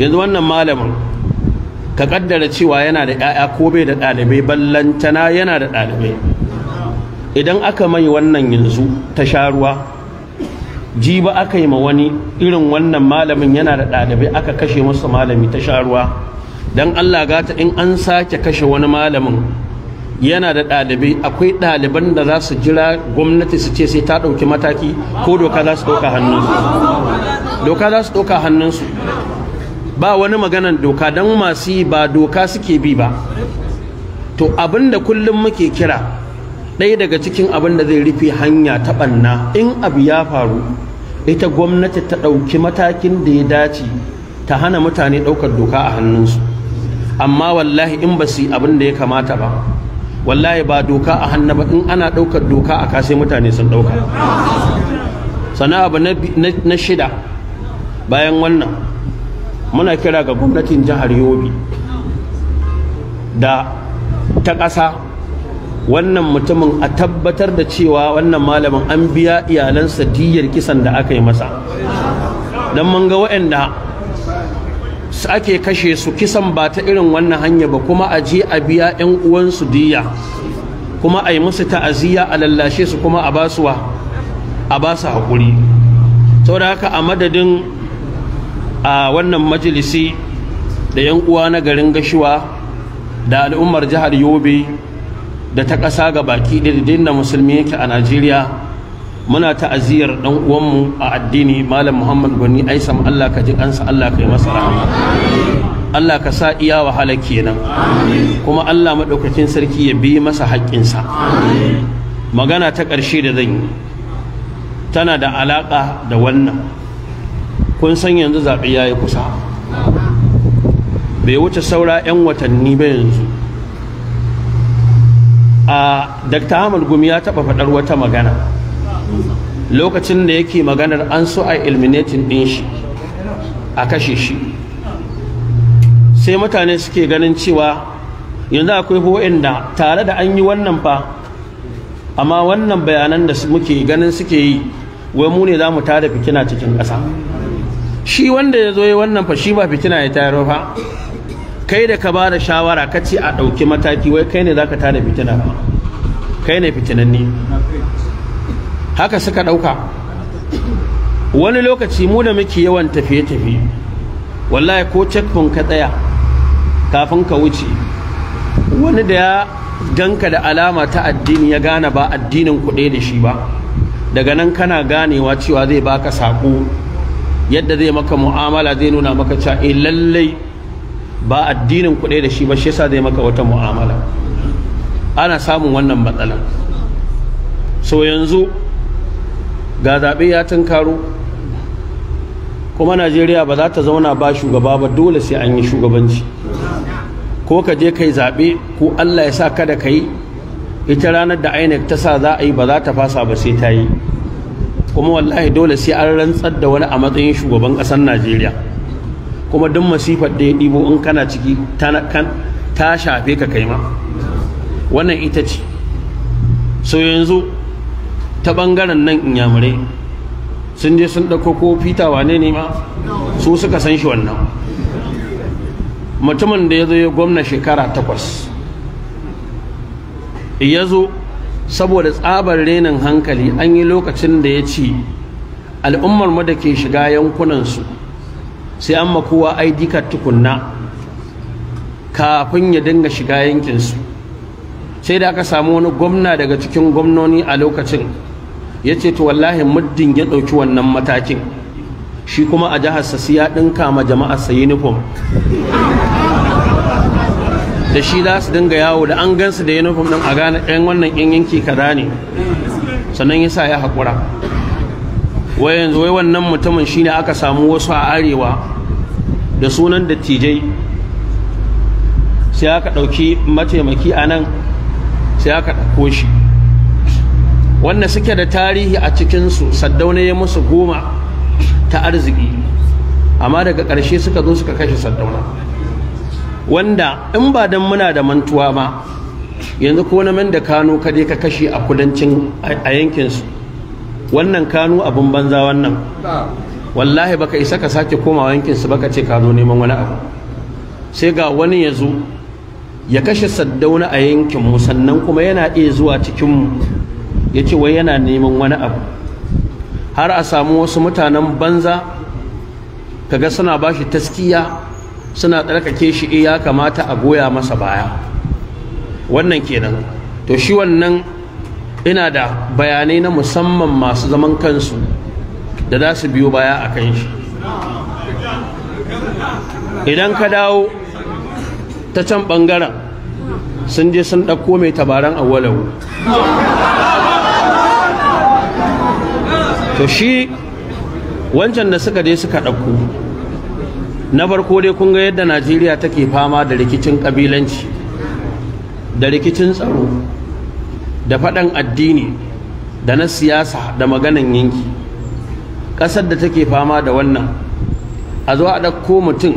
yanzu wannan malamin ka ƙaddara cewa yana da 'ya'ya ko bai da ɗalibai ballantana yana da ɗalibai idan aka mai wannan yanzu ta sha ruwa ji ba aka yi ma wani irin wannan malamin yana da ɗalibai aka kashe masa malami ta sha ruwa don Allah gata in an sake kashe wani malamin yana da ɗalibai akwai ɗaliban da za su jira gwamnati su ce sai ta ɗauki mataki ko doka za su ɗauka hannunsu doka za su ɗauka hannunsu ba wani maganan doka don masu yi ba doka suke bi ba to abinda kullum muke kira ɗaya daga cikin abin da zai rufe hanya ta ɓanna in abu ya faru ita gwamnati ta ɗauki matakin da ya dace ta hana mutane ɗaukar doka a hannunsu amma wallahi in ba su yi abin da ya kamata ba wallahi ba doka a hannu ba in ana ɗaukar doka a kasai mutane sun ɗauka sana abu na shida bayan wannan muna kira ga gwamnatin jihar yobe da ta ƙasa wannan mutumin a tabbatar da cewa wannan malamin an biya iyalansa diyar kisan da aka yi masa don mun ga waɗanda su ake kashe su kisan ba ta irin wannan hanya ba kuma a je a biya 'yan uwansu diya kuma a yi musu ta'aziyya a lallashe su kuma a basuwa a basu haƙuri da haka a madadin a wannan majalisi da 'yan uwa na garin gashuwa da al'ummar jihar yobe da ta ƙasa ga baki ɗin da musulmi yake a najeriya muna ta'aziyar ɗan uwanmu a addini malam muhammad gwani aisam allah ka ji kansa allah ka yi masa rahama allah ka sa iya wahala kenan kuma allah maɗaukacin sarki ya bi masa haƙƙinsa magana ta ƙarshe da zan yi tana da alaƙa da wannan kun san yanzu zaɓe ya yi kusa bai wuce saura 'yan watanni ba yanzu a dr hamal gumi ya taɓa faɗar wata magana lokacin da yake maganar an so a ilminetin ɗin shi a kashe shi sai mutane suke ganin cewa yanzu akwai ho'in da tare da an yi wannan fa amma wannan bayanan da muke ganin suke yi wai mu ne za mu tada fikina cikin ƙasa shi wanda ya zo yi wannan fa shi ba fikina ya tayar fa kai da ka ba da shawara ka ce a ɗauki mataki wai kai ne za ka tada fitina kai ne fitinanni haka suka ɗauka wani lokaci mu da muke yawan tafiye-tafiye wallahi ko checkpoint ka tsaya kafin ka wuce wani da ya ganka da alama ta addini ya gane ba addinin kuɗe da shi ba daga nan kana ganewa cewa zai baka saƙo yadda zai maka mu'amala zai nuna maka cewa eh, lallai ba addinin kuɗe da shi ba shi yasa zai maka wata mu'amala ana samun wannan matsalan so yanzu ga zaɓe ya tunkaro kuma najeriya ba za ta zauna ba shugaba ba dole sai an yi shugabanci ko ka je kai zaɓe ko allah ya sa kada ka yi ita ranar da inec ta sa za a yi ba za ta fasa ba sai ta yi kuma wallahi dole sai an rantsar da wani a matsayin shugaban ƙasar najeriya kuma duk masifar da ya ɗibo in kana ciki ta shafe ka kai ma wannan ita ce so yanzu ta ɓangaren nan inyamurai sun je sun ɗauko ko fita wane ne ma su suka san shi wannan mutumin da ya zo ya gwamna shekara takwas ya zo saboda tsabar renin hankali an yi lokacin da ya ce al'ummar mu da ke shiga yankunansu sai an makowa ID card tukunna kafin ya dinga shiga yankinsu sai da aka samu wani gwamna daga cikin gwamnoni a lokacin ya ce to wallahi muddin ya ɗauki wannan matakin shi kuma a jihar sai ya ɗinka ma jama'ar sa uniform da shi za su dinga yawo da an gansu da uniform ɗin a gane ɗan wannan yan yanki kaza ne sannan ya sa ya haƙura wai wai wannan mutumin shine aka samu wasu a arewa da sunan dattijai sai aka ɗauki mataimaki a nan sai aka ɗauko shi wanda suke da tarihi a cikinsu saddauna ya musu goma ta arziki amma daga ƙarshe suka zo suka kashe saddauna wanda in ba don muna da mantuwa ba yanzu ko na da kano kaje ka kashe a kudancin a yankinsu wannan kanu abin banza wannan wallahi baka isa ka sake komawa yankin su baka ce ka zo neman wani abu sai ga wani ya zo ya kashe saddauna a yankin mu sannan kuma yana iya zuwa cikin mu ya ce wai yana neman wani abu har a samu wasu mutanen banza ka ga suna bashi taskiya suna tsarkake shi eh, ya kamata a goya masa baya wannan kenan to shi wannan ina da bayanai na musamman masu zaman kansu da za su biyo baya a kan shi idan ka dawo ta can ɓangaren sun je sun ɗauko mai tabaran walawu to shi wancan da suka je suka ɗauko na farko dai kun ga yadda najeriya take fama da rikicin ƙabilanci da rikicin tsaro da faɗan addini da na siyasa da maganan yanki ƙasar da take fama da wannan a zuwa a ɗauko mutum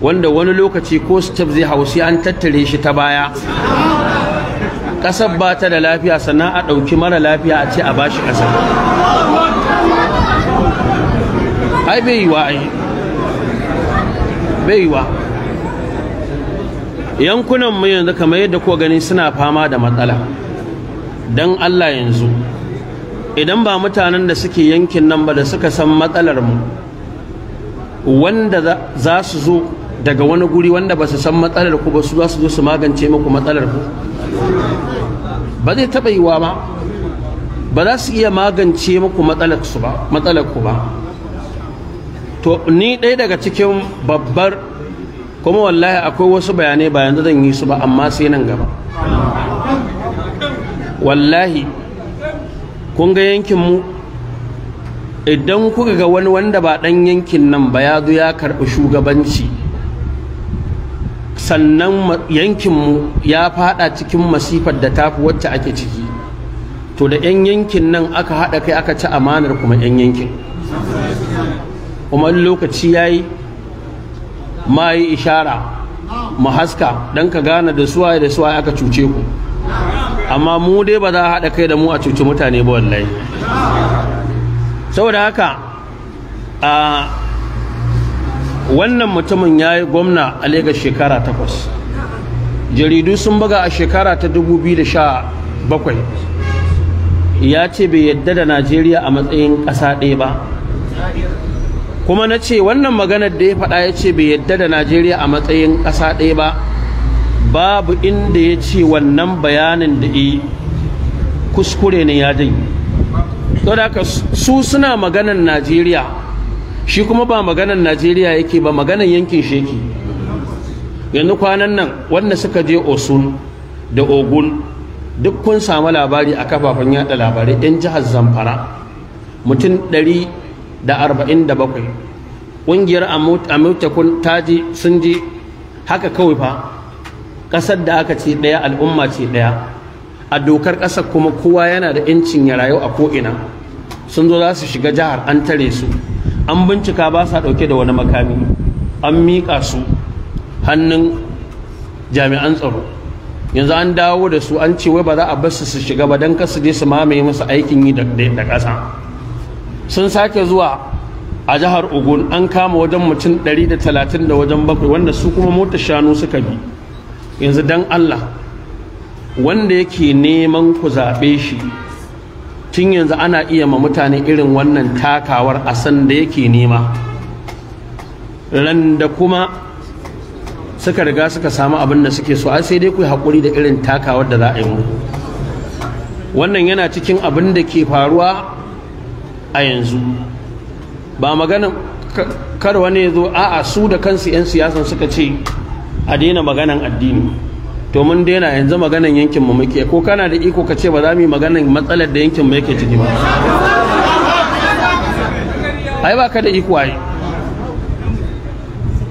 wanda wani lokaci ko step zai sai an tattare shi ta baya ƙasar ba ta da lafiya sannan a ɗauki mara lafiya a ce a ba shi ƙasar ai bai yiwa ai bai yiwa yankunan mu yanzu kamar yadda ko gani suna fama da matsala don Allah yanzu idan ba mutanen da suke yankin nan ba da suka san matsalar mu wanda za su zo daga wani guri wanda ba su san matsalar ku ba su za su zo su magance muku matsalar ku ba zai taɓa yiwa ba ba za su iya magance muku matsalar su ba matsalar ku ba to ni ɗaya daga cikin babbar kuma wallahi akwai wasu bayanai ba yanzu zan yi su ba amma sai nan gaba wallahi kun ga yankin idan kuka ga wani wanda ba dan yankin nan ba ya zo ya karbi shugabanci sannan yankin mu ya faɗa cikin masifar da tafi wacce ake ciki to da yan yankin nan aka haɗa kai aka ci amanar kuma yan yankin kuma lokaci yayi ma yi ishara mu haska don ka gane da suwaye da suwaye aka cuce ku amma mu dai ba za a haɗa kai da mu a cuci mutane ba wallahi saboda haka a wannan mutumin ya yi gwamna a lagos shekara takwas jaridu sun buga a shekara ta 2017 ya ce bai yadda da najeriya a matsayin ƙasa ɗaya ba kuma na ce wannan maganar da ya faɗa ya ce bai yadda da najeriya a matsayin ƙasa ɗaya ba babu inda ya ce wannan bayanin da yi kuskure ne ya jin saboda su suna maganan Najeriya shi kuma ba maganan Najeriya yake ba maganan yankin sheki. yanzu kwanan nan wanda suka je Osun da Ogun duk kun samu labari a kafafen yada labarai 'yan jihar Zamfara mutum 147 ƙungiyar Amurtakun taji sun je haka kawai fa ƙasar da aka ce ɗaya al'umma ce ɗaya a dokar ƙasar kuma kowa yana da 'yancin ya rayu a ko'ina sun zo za su shiga jihar an tare su an bincika ba sa ɗauke da wani makami an miƙa su hannun jami'an tsaro yanzu an dawo da su an ce wai ba za a bar su su shiga ba don kasu je su mamaye musu aikin yi da ƙasa sun sake zuwa a jihar ogun an kama wajen mutum 130 da wajen bakwai wanda su kuma motar shanu suka bi yanzu dan Allah wanda yake neman ku zaɓe shi tun yanzu ana iya ma mutane irin wannan takawar a sanda yake nema Randa kuma suka riga suka samu abin da suke so ai sai dai ku hakuri da irin takawar da za a yi mu wannan yana cikin abin da ke faruwa a yanzu ba maganin kar wani zo a'a su da kansu 'yan siyasan suka ce a daina maganan addini to mun daina yanzu maganan yankin mu muke ko kana da iko ka ce ba za mu yi maganan matsalar da yankin mu yake ciki ba ai ba ka da iko ai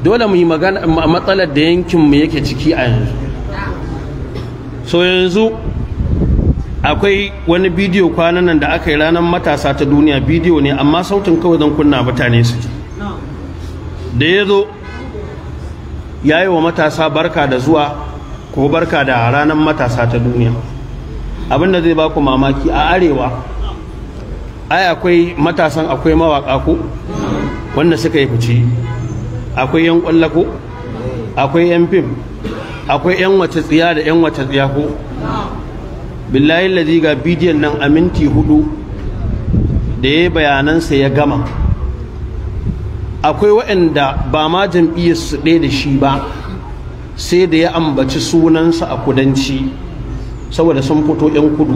dole mu yi magana matsalar da yankin mu yake ciki a yanzu so yanzu akwai wani bidiyo kwanan nan da aka yi ranar matasa ta duniya bidiyo ne amma sautin kawai don kunna mutane su da ya zo ya yi wa matasa barka da zuwa ko barka da ranar matasa ta duniya abin da zai baku mamaki a arewa ai akwai matasan akwai mawaƙa ko wanda suka yi fice akwai 'yan ƙwallo ko akwai 'yan fim akwai 'yan wace tsiya da 'yan wace tsiya ko billahi lazi ga bidiyon nan aminti minti hudu da ya bayanansa ya gama akwai waɗanda ba ma jam'iyyar su ɗaya da shi ba sai da ya ambaci sunansa a kudanci saboda sun fito 'yan kudu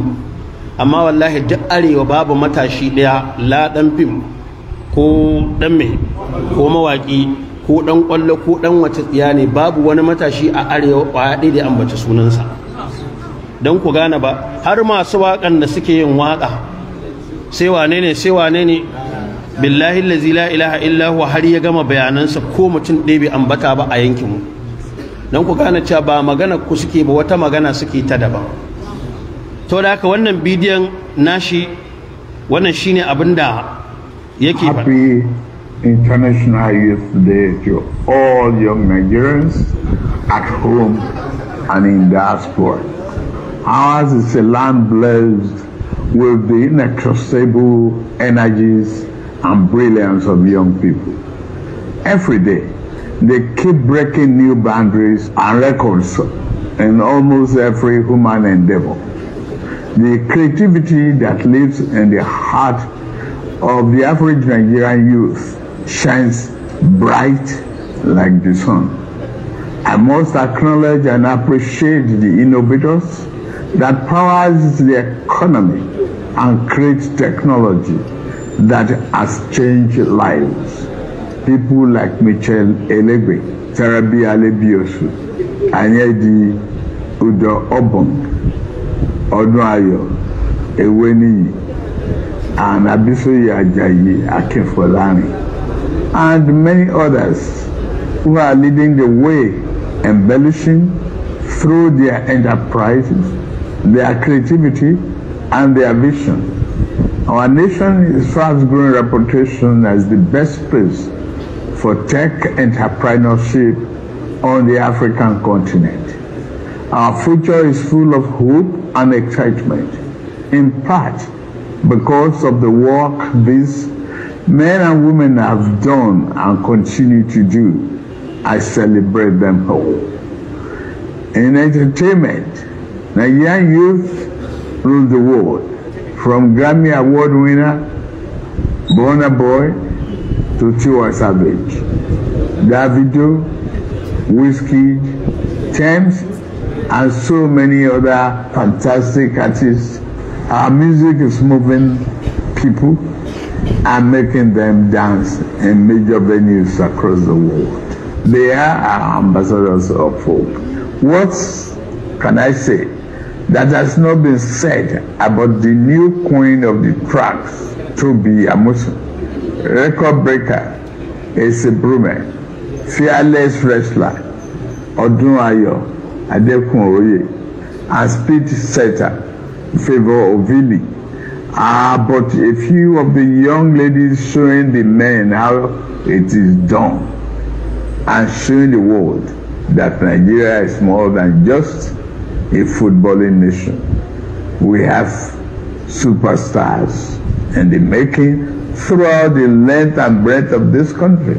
amma wallahi duk arewa babu matashi ɗaya laɗan fim ko ɗan mai ko mawaƙi ko ɗan ƙwallo ko ɗan wata tsiya ne babu wani matashi a arewa ɗaya da ya ambaci sunansa don ku gane ba har masu waƙan da suke yin waƙa sai wane ne sai wane ne billahi lazi la ilaha illa huwa har ya gama bayanansa ko mutum ɗaya bai ambata ba a yankin mu dan ku gane cewa ba magana ku suke ba wata magana suke ta daban to da haka wannan bidiyon nashi wannan shine abin da yake ba International Youth Day to all young Nigerians at home and in diaspora. Ours is a land blessed with the inexhaustible energies and brilliance of young people. Every day, they keep breaking new boundaries and records in almost every human endeavor. The creativity that lives in the heart of the average Nigerian youth shines bright like the sun. I must acknowledge and appreciate the innovators that powers the economy and creates technology that has changed lives. People like Michel Elegbe, Terabi Alebiosu, Anyedi Udo Obong, Odunayo, Eweniyi, and Abisoye Ajayi Akinfolani, and many others who are leading the way, embellishing through their enterprises, their creativity, and their vision. Our nation is fast growing reputation as the best place for tech entrepreneurship on the African continent. Our future is full of hope and excitement, in part because of the work these men and women have done and continue to do. I celebrate them all. In entertainment, Nigerian youth rule the world. from Grammy Award winner Burna Boy to Tiwa Savage, Davido, Whiskey, Tems, and so many other fantastic artists. Our music is moving people and making them dance in major venues across the world. They are our ambassadors of hope. What can I say? that has not been said about the new queen of the tracks, to be a Muslim Record breaker is a Brumer, fearless wrestler, Odunayo Adekun Oye, and speed setter, Favor Ovili. Ah, but a few of the young ladies showing the men how it is done and showing the world that Nigeria is more than just a footballing nation. We have superstars in the making throughout the length and breadth of this country.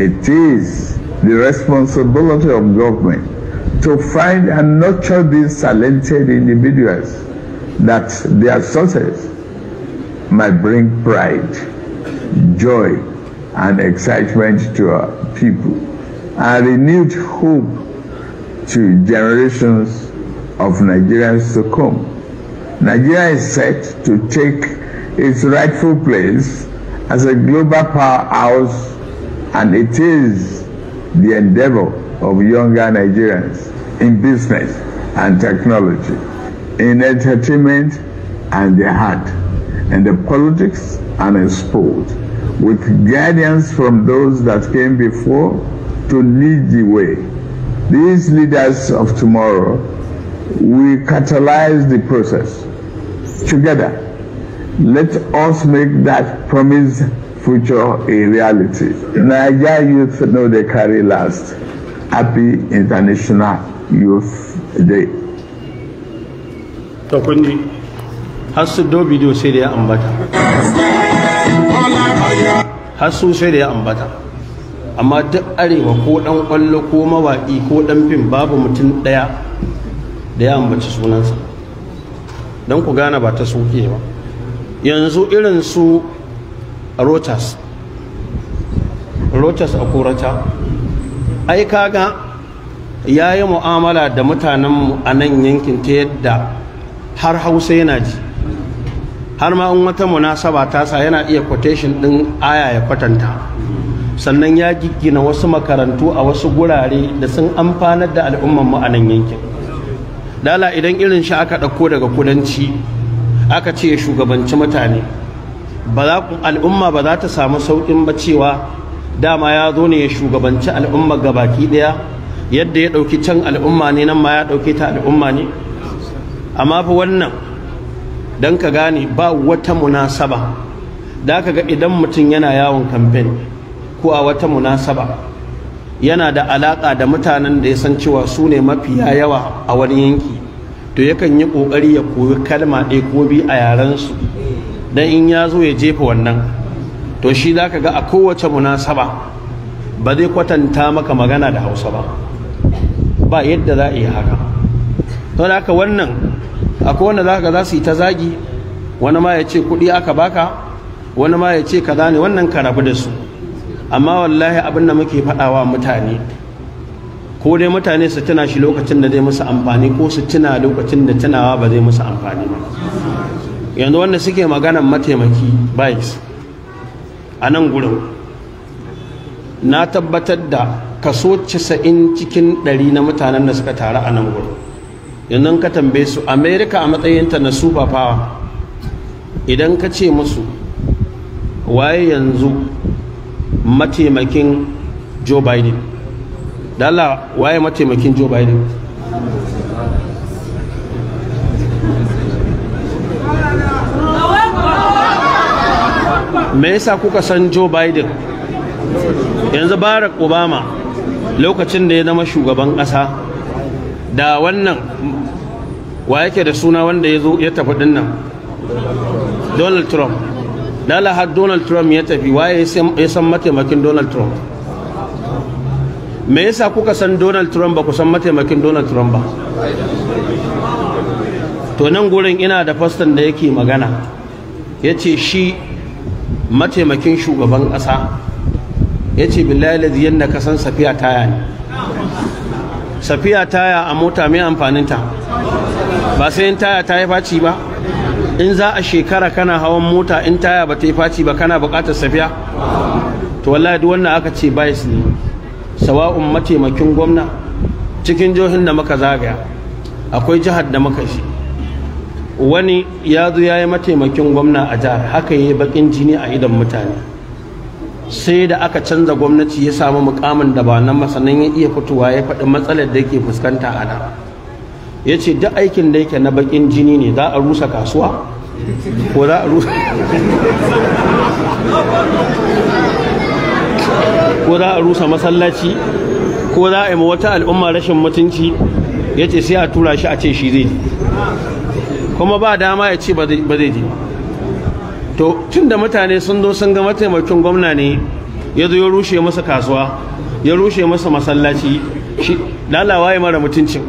It is the responsibility of government to find and nurture these talented individuals that their success might bring pride, joy, and excitement to our people, and renewed hope to generations of Nigerians to come. Nigeria is set to take its rightful place as a global powerhouse, and it is the endeavor of younger Nigerians in business and technology, in entertainment and the heart, in the politics and in sport, with guidance from those that came before to lead the way. These leaders of tomorrow we catalyze the process together. Let us make that promised future a reality. Niger youth know they carry last. Happy International Youth Day. To kundi har su do bidiyo sai da ya ambata. Har su sai da ya ambata. Amma duk arewa ko dan kwallo ko mawaƙi ko dan fim babu mutum daya. da ya ambaci sunansa don ku gane ba ta soke ba yanzu irin su rotas rotas a korata ai kaga ya yi mu'amala da mutanenmu a nan yankin ta yadda har hausa yana ji har ma wata munasaba ta sa yana iya quotation din aya ya kwatanta sannan ya giggina wasu makarantu a wasu gurare da sun amfanar da al'ummanmu a nan yankin dala idan irin shi aka ɗauko daga kudanci aka ce ya shugabanci mutane ba za al'umma ba za ta samu sauƙin ba cewa dama ya zo ne ya shugabanci al'umma baki ɗaya yadda ya ɗauki can al'umma ne nan ma ya ɗauke ta al'umma ne amma fa wannan dan ka gane ba wata munasaba da ka ga idan mutum yana yawon kamfen ko a wata munasaba yana da alaƙa da mutanen da ya san cewa su ne mafiya yawa a wani yanki to yakan yi ƙoƙari ya koyi kalma ɗaya ko biyu a yarensu don in ya zo ya jefa wannan to shi za ka ga a kowace munasaba ba zai kwatanta maka magana da hausa ba ba yadda za a yi haka to da haka wannan akwai wanda za ka za su yi ta zagi wani ma ya ce kuɗi aka baka wani ma ya ce kaza ne wannan ka rabu da su amma wallahi abin da muke faɗawa mutane ko dai mutane su tuna shi lokacin da zai musu amfani ko su tuna lokacin da tunawa ba zai musu amfani ba yanzu wanda suke maganan mataimaki bikes a nan gurin na tabbatar da kaso casa'in cikin ɗari na mutanen da suka taru a nan gurin yanzu ka tambaye su america a matsayinta na super power idan ka ce musu waye yanzu mataimakin Joe Biden da Allah waye mataimakin Joe Biden me yasa kuka san Joe Biden yanzu Barak Obama lokacin da ya zama shugaban ƙasa da wannan wa yake da suna wanda ya zo ya tafi dinnan Donald Trump dala har donald trump ya tafi waye ya san mataimakin donald trump me yasa kuka san donald trump ba ku san mataimakin donald trump ba to nan gurin ina da faston da yake magana ya ce shi mataimakin shugaban ƙasa ya ce billahi yadda ka san safiya taya ne safiya taya a mota mai amfaninta ba sai yin taya ta yi faci ba in za a shekara kana hawan mota in taya ba ta yi faci ba kana buƙatar safiya to wallahi duk wannan aka ce bias ne sawa'un mataimakin gwamna cikin jihohin da muka zagaya akwai jihar da muka shi wani ya zo ya yi mataimakin gwamna a jihar haka ya yi bakin jini a idon mutane sai da aka canza gwamnati ya samu mukamin da ba nan masanin ya iya fitowa ya faɗi matsalar da yake fuskanta a nan ya ce duk aikin da yake na bakin jini ne za a rusa kasuwa ko za a rusa ko za a rusa masallaci ko za a yi wata al'umma rashin mutunci ya ce sai a tura shi a ce shi zai kuma ba dama ya ce ba zai ji to tun da mutane sun zo sun ga mataimakin gwamna ne ya zo ya rushe masa kasuwa ya rushe masa masallaci lalawa ya mara mutuncin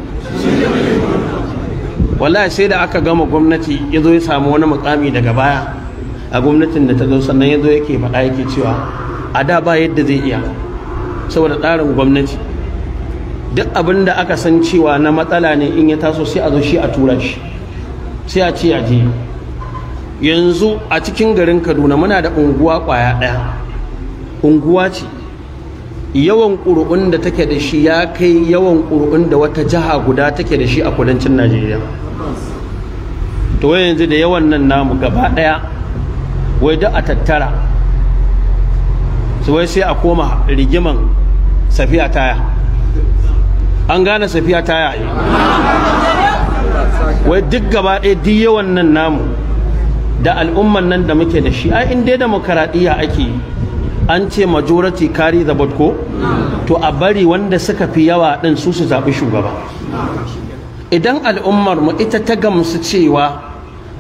wallahi sai da aka gama gwamnati ya zo ya samu wani mukami daga baya a gwamnatin da ta zo sannan ya zo yake faɗa yake cewa a da ba yadda zai iya saboda tsarin gwamnati duk abin da aka san cewa na matsala ne in ya taso sai a zo shi a tura shi sai a ce a je yanzu a cikin garin kaduna muna da unguwa kwaya ɗaya unguwa ce yawan ƙuri'un da take da shi ya kai yawan ƙuri'un da wata jiha guda take da shi a kudancin najeriya to wai yanzu da yawan nan namu gaba daya wai duk a tattara sai sai a koma rigiman safiya taya an gane safiya taya wai duk gaba daya duk yawan nan namu da al'umman nan da muke da shi ai in dai demokradiya ake an ce majority carry the vote ko to a bari wanda suka fi yawa din su su zabi shugaba idan al'ummar mu ita ta gamsu cewa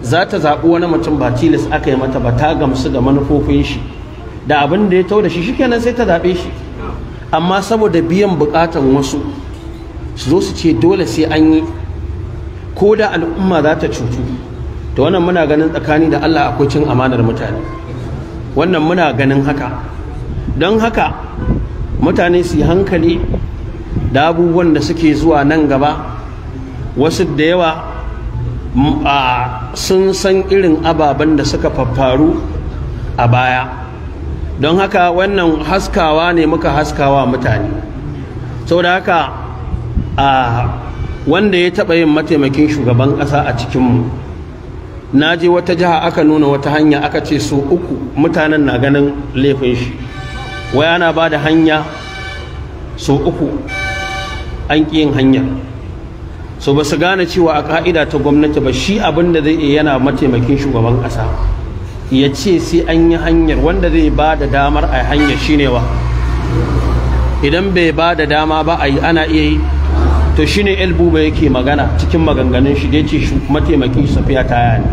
za ta zaɓi wani mutum ba tilas aka yi mata ba ta gamsu ga manufofin shi da abin da ya tau da shi shikenan sai ta zaɓe shi amma saboda biyan buƙatan wasu su zo su ce dole sai an yi ko da al'umma za ta cutu da wannan muna ganin tsakani da Allah akwai cin amanar mutane wannan muna ganin haka don haka mutane su yi hankali da abubuwan da suke zuwa nan gaba wasu da yawa sun san irin ababen da suka faffaru a baya don haka wannan haskawa ne muka haskawa mutane saboda haka a wanda ya taɓa yin mataimakin shugaban ƙasa a cikinmu na je wata jiha aka nuna wata hanya aka ce su uku mutanen na ganin laifin shi waya na ba da hanya su uku an ƙi yin hanyar so ba su gane cewa a ka'ida ta gwamnati ba shi abin da zai yana mataimakin shugaban ƙasa ya ce sai an yi hanyar wanda zai ba da damar a hanyar Shi ne wa idan bai ba da dama ba a yi ana iya yi to shi shine elbuba yake magana cikin maganganun shi da ya ce mataimakin safiya ta ne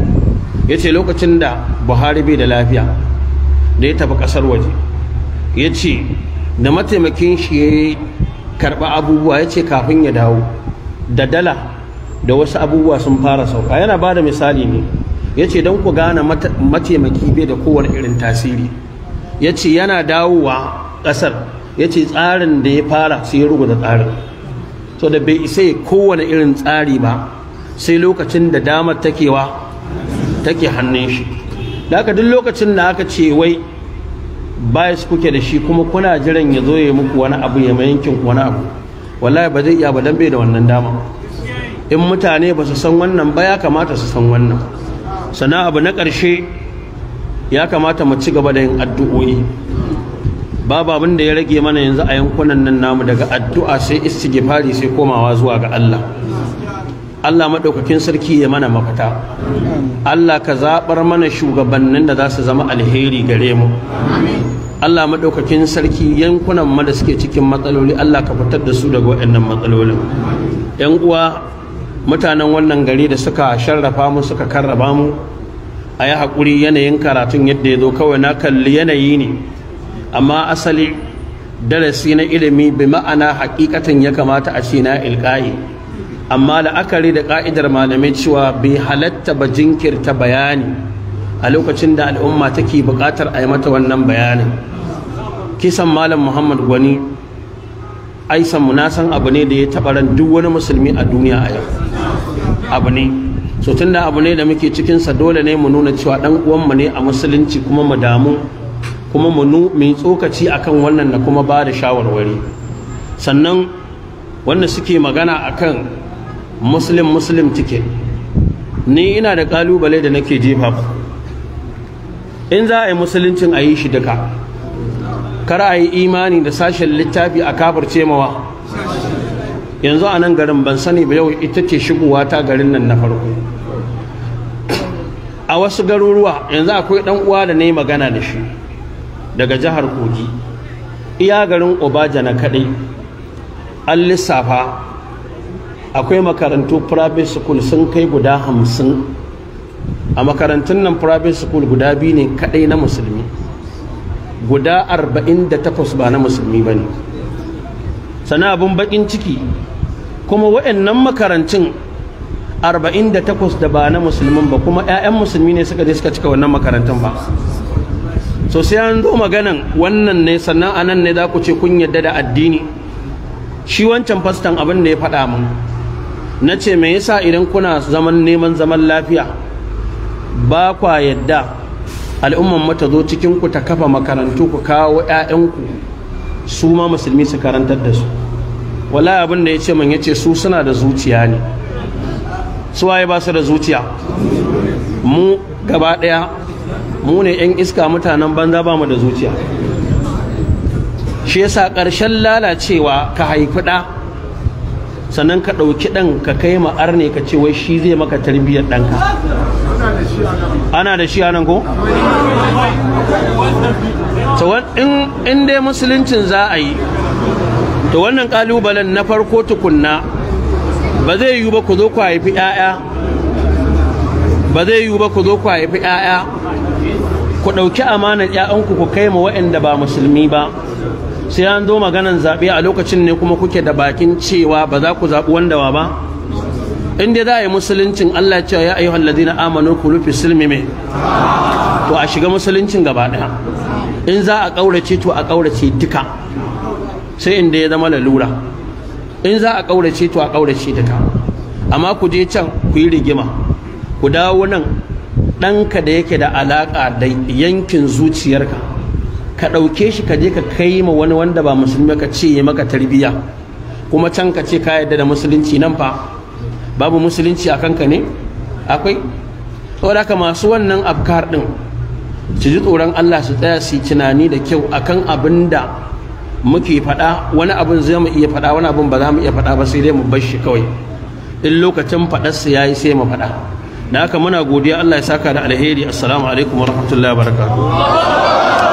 ya ce lokacin da buhari bai da lafiya da ya tafi ƙasar waje ya ce da mataimakin shi ya karɓi abubuwa ya ce kafin ya dawo da dala da wasu abubuwa sun fara sauka yana ba da misali ne ya ce don ku gane mataimaki bai da kowane irin tasiri ya ce yana dawowa ƙasar ya ce tsarin da ya fara sai ya rubuta tsarin so da bai isa kowane irin tsari ba sai lokacin da damar takewa take hannun shi da duk lokacin da aka ce wai su kuke da shi kuma kuna jiran ya zo ya muku wani abu ya mayankin wani abu wallahi ba zai iya ba dan bai da wannan dama in mutane ba su san wannan ba ya kamata su san wannan sana abu na karshe ya kamata mu ci gaba da yin addu'o'i babu abin da ya rage mana yanzu a yankunan nan namu daga addu'a sai istighfari sai komawa zuwa ga Allah Allah maɗaukakin sarki ya mana mafita Allah ka zaɓar mana shugabannin da za su zama alheri gare mu Allah maɗaukakin sarki yankunan ma da suke cikin matsaloli Allah ka fitar da su daga waɗannan matsalolin yan uwa mutanen wannan gari da suka sharrafa mu suka karraba mu a yi haƙuri yanayin karatun yadda ya zo kawai na kalli yanayi ne amma asali darasi na ilimi bi ma'ana hakikatan ya kamata a ce na ilƙa'i amma la'akari da ka'idar malamai cewa bai halatta ba jinkirta bayani a lokacin da al'umma take buƙatar a yi mata wannan bayanin kisan malam muhammad gwani aisan mu na san abu ne da ya tabaran duk wani musulmi a duniya a yau abu ne so tunda abu ne da muke cikinsa dole ne mu nuna cewa dan uwanmu ne a musulunci kuma mu damu kuma mu mai tsokaci akan wannan na kuma ba da shawarwari sannan wanda suke magana akan muslim muslim ticket ni ina da kalubale da nake jefa ku in za a yi musuluncin a yi shi duka kar a yi imani da sashen littafi a kafar cemawa yanzu a nan garin ban sani ba yau ita ce shigowa ta garin nan na farko a wasu garuruwa yanzu akwai dan uwa da yi magana da shi daga jihar kogi iya garin obaja na kaɗai. an lissafa akwai makarantu private school sun kai guda hamsin a makarantun nan private school guda biyu ne kadai na musulmi guda arba'in da takwas ba na musulmi ba ne sana abin bakin ciki kuma wa'annan makarantun arba'in da takwas da ba na musulmin ba kuma 'ya'yan musulmi ne suka je suka cika wannan makarantun ba so sai an zo maganan wannan ne sannan anan ne za ku ce kun yadda da addini shi wancan fastan abin da ya faɗa mun na ce me yasa idan kuna zaman neman zaman lafiya ba kwa yadda al'umman mata zo cikin ku ta kafa makarantu ku kawo 'ya'yanku su ma musulmi su karantar da su wala abin da ya ce man ya ce su suna da zuciya ne su waye ba su da zuciya mu gaba daya mu ne 'yan iska mutanen banza ba mu da zuciya shi yasa ƙarshen lalacewa ka haifi ɗa sannan ka ɗauki ɗan ka kai ma arne ka ce wai shi zai maka tarbiyyar ɗanka ana da shi a nan ko? in dai musuluncin za a yi to wannan ƙalubalen na farko tukunna ba zai yiwu ba ku zo ku haifi 'ya'ya ba zai yi ba ku zo ku haifi 'ya'ya ku ɗauki amanar 'ya'yanku ku kai ma waɗanda ba musulmi ba sai an zo maganan zaɓe a lokacin ne kuma kuke da bakin cewa ba za ku zaɓi wanda wa ba in dai za a yi musuluncin Allah cewa ya ayyuhal ladina amanu ku rufe silmi me to a shiga musuluncin gaba ɗaya in za a ƙaurace to a ƙaurace duka sai inda ya zama lalura in za a ƙaurace to a ƙaurace duka amma ku je can ku yi rigima ku dawo nan ɗanka da yake da alaƙa da yankin zuciyarka ka ɗauke shi ka je ka kai ma wani wanda ba musulmi ka ce ya maka tarbiyya kuma can ka ce ka yadda da musulunci nan fa babu musulunci a kanka ne akwai saboda ka masu wannan afkar din su ji tsoron Allah su tsaya su tunani da kyau akan abin da muke faɗa wani abin zai mu iya faɗa wani abin ba za mu iya fada ba sai dai mu bar shi kawai in lokacin faɗarsa ya yi sai mu faɗa da haka muna godiya Allah ya saka da alheri assalamu alaikum wa rahmatullahi wa barakatuh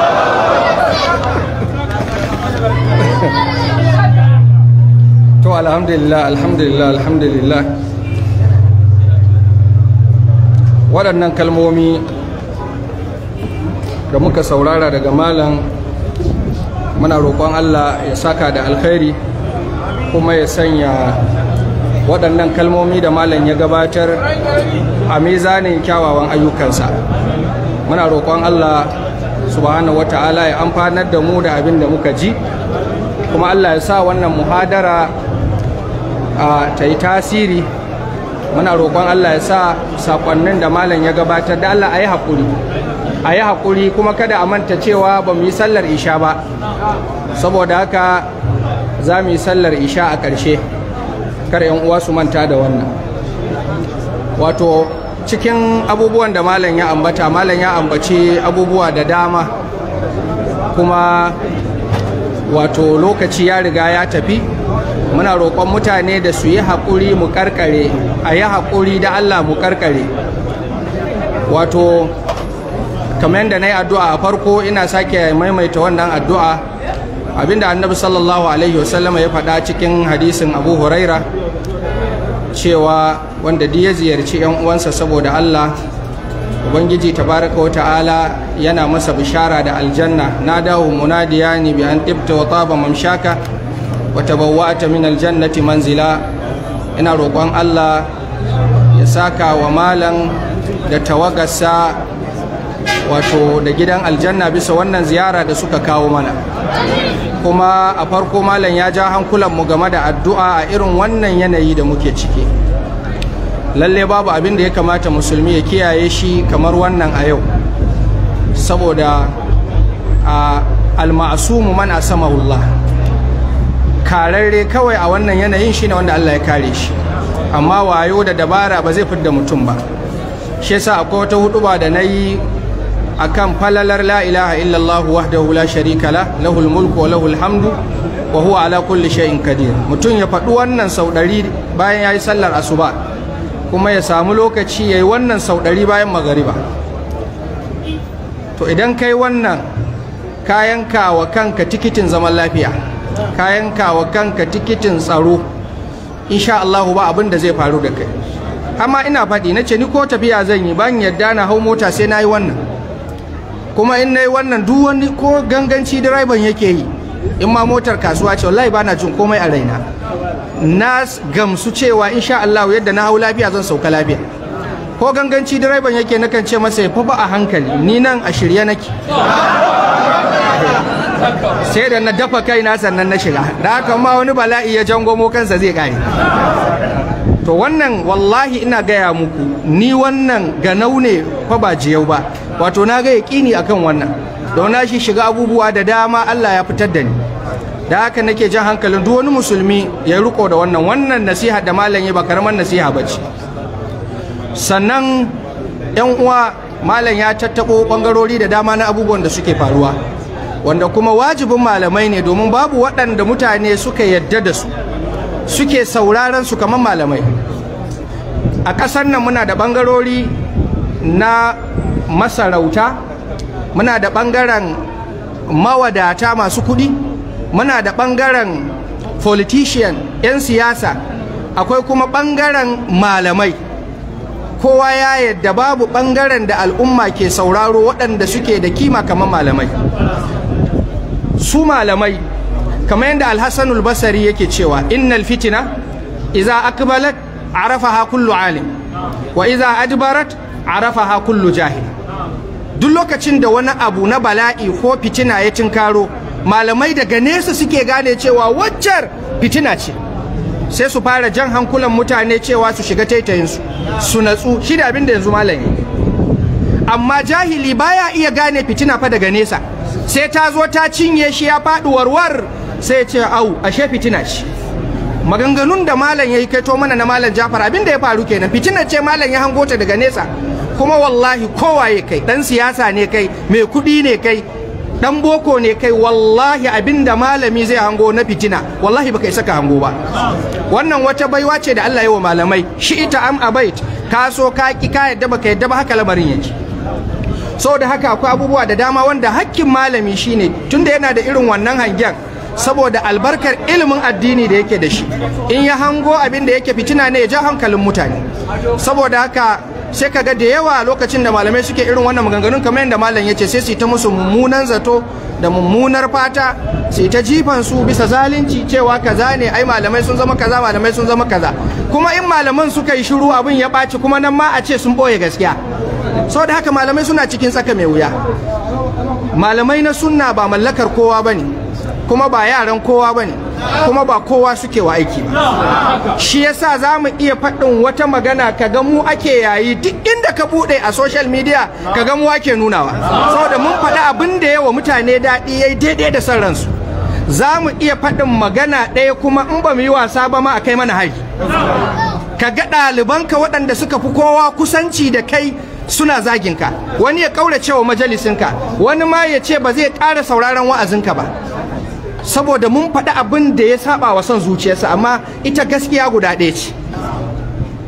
to alhamdulillah alhamdulillah alhamdulillah waɗannan kalmomi da muka saurara daga malam muna roƙon Allah ya saka da alkhairi kuma ya sanya waɗannan kalmomi da malam ya gabatar a mizanin kyawawan ayyukansa muna roƙon Allah subhanahu wata'ala ya amfanar da mu da abin da muka ji kuma Allah ya sa wannan muhadara ta yi tasiri muna roƙon Allah ya sa sakonnin da malam ya gabatar da Allah a yi haƙuri a yi haƙuri kuma kada a manta cewa ba mu yi sallar isha ba saboda haka za mu yi sallar isha a ƙarshe kar yan uwa su manta da wannan wato cikin abubuwan da malam ya ambata malam ya ambaci abubuwa da dama kuma wato lokaci ya riga ya tafi muna roƙon mutane da su yi haƙuri mu karkare a yi haƙuri da allah mu karkare wato kamar yadda na yi addu'a a farko ina sake maimaita wannan addu'a abinda annabi sallallahu alaihi sallam ya faɗa cikin hadisin abu huraira cewa wanda duk ya ziyarci 'yan uwansa saboda allah ubangiji tabaraka wa ta'ala yana masa bishara da aljanna na dawo munadiya ne bi an tibta wa taba mamshaka wa tabawwa'ata min aljannati manzila ina roƙon Allah ya saka wa malam da tawagarsa wato da gidan aljanna bisa wannan ziyara da suka kawo mana kuma a farko malam ya ja hankulanmu game da addu'a a irin wannan yanayi da muke ciki lalle babu abin da ya kamata musulmi ya kiyaye shi kamar wannan a yau saboda almasumu man asamahullah kararre kawai a wannan yanayin shine wanda Allah ya kare shi amma wayo da dabara ba zai fidda mutum ba shi yasa akwai wata ba da nayi akan falalar la ilaha illallah wahdahu la sharika la lahul mulku wa lahul hamdu wa huwa ala kulli shay'in qadir mutum ya faɗi wannan sau ɗari bayan yayi sallar asuba kuma ya samu lokaci ya yi wannan sau ɗari bayan magariba to idan kai wannan kayan kawa kanka tikitin zaman lafiya kayan kawa kanka tikitin tsaro insha Allahu ba abin da zai faru da kai amma ina faɗi na ce ni ko tafiya zan yi ban yadda na hau mota sai na yi wannan kuma in na yi wannan duk wani ko ganganci direban yake yi in ma motar kasuwa ce wallahi ba na jin komai a raina na gamsu cewa insha Allah yadda na hau lafiya zan sauka lafiya ko ganganci direban yake nakan ce masa ya ba a hankali ni nan a shirye nake sai da na dafa kai na sannan na shiga da haka ma wani bala'i ya jangomo kansa zai kare to wannan wallahi ina gaya muku ni wannan ganau ne fa ba jiyau ba wato na ga yaƙini akan wannan don na shi shiga abubuwa da dama Allah ya fitar da ni da haka nake jan hankalin duk wani musulmi ya riko da wannan wannan nasiha da malam ya ba karaman nasiha ba ce sannan yan uwa malam ya tattabo bangarori da dama na abubuwan da suke faruwa wanda kuma wajibin malamai ne domin babu waɗanda mutane suka yadda da su suke sauraron su kamar malamai a ƙasar nan muna da bangarori na masarauta muna da bangaren mawadata masu kuɗi muna da ɓangaren politician 'yan siyasa akwai kuma ɓangaren malamai kowa ya yadda babu ɓangaren da al'umma ke sauraro waɗanda suke da kima kamar malamai su malamai kamar yadda alhassanul basari yake cewa innal fitina iza akbalat ha kullu alim wa iza arafa ha kullu jahil duk lokacin da wani abu na bala'i ko fitina ya karo malamai daga nesa suke gane cewa waccar fitina ce sai su fara jan hankulan mutane cewa su shiga taitayinsu su natsu shi da abin da yanzu malam amma jahili baya iya gane fitina fa daga nesa sai ta zo ta cinye shi ya faɗi warwar sai ce au ashe fitina ce maganganun da malam ya yi kaito mana na malam jafar abin da ya faru kenan fitina ce malam ya hango ta daga nesa kuma wallahi kowaye kai dan siyasa ne kai mai kuɗi ne kai dan boko ne kai wallahi abinda malami zai hango na fitina wallahi baka isa ka hango ba wannan wata baiwa ce da Allah ya wa malamai shi ita am abait ka so ka ki ka yadda baka yadda ba haka lamarin yake so da haka akwai abubuwa da dama wanda hakkin malami shine tunda yana da irin wannan hangen saboda albarkar ilimin addini da yake da shi in ya hango abin da yake fitina ne ya ja hankalin mutane saboda haka sai kaga da yawa lokacin da malamai suke irin wannan maganganun kamar yadda malam ya ce sai su ta musu mummunan zato da mummunar fata su ta jifan su bisa zalunci cewa kaza ne ai malamai sun zama kaza malamai sun zama kaza kuma in malaman suka yi shiru abin ya ɓaci kuma nan ma a ce sun ɓoye gaskiya sau da haka malamai suna cikin tsaka mai wuya malamai na sunna ba mallakar kowa ba ne kuma ba yaran kowa ba ne. kuma ba kowa suke wa aiki ba shi yasa za mu iya faɗin wata magana kaga mu ake yayi duk inda ka buɗe a social media ka mu ake nunawa saboda mun faɗi abin da yawa mutane daɗi yayi daidai da san ransu za mu iya faɗin magana ɗaya kuma in ba mu yi wasa ba ma a kai mana hari ka ga ɗalibanka waɗanda suka fi kowa kusanci da kai suna zaginka wani ya ƙaurace wa majalisinka wani ma ya ce ba zai ƙara sauraron wa'azinka ba saboda mun faɗi abin da ya saba wa son zuciyarsa amma ita gaskiya guda ɗaya ce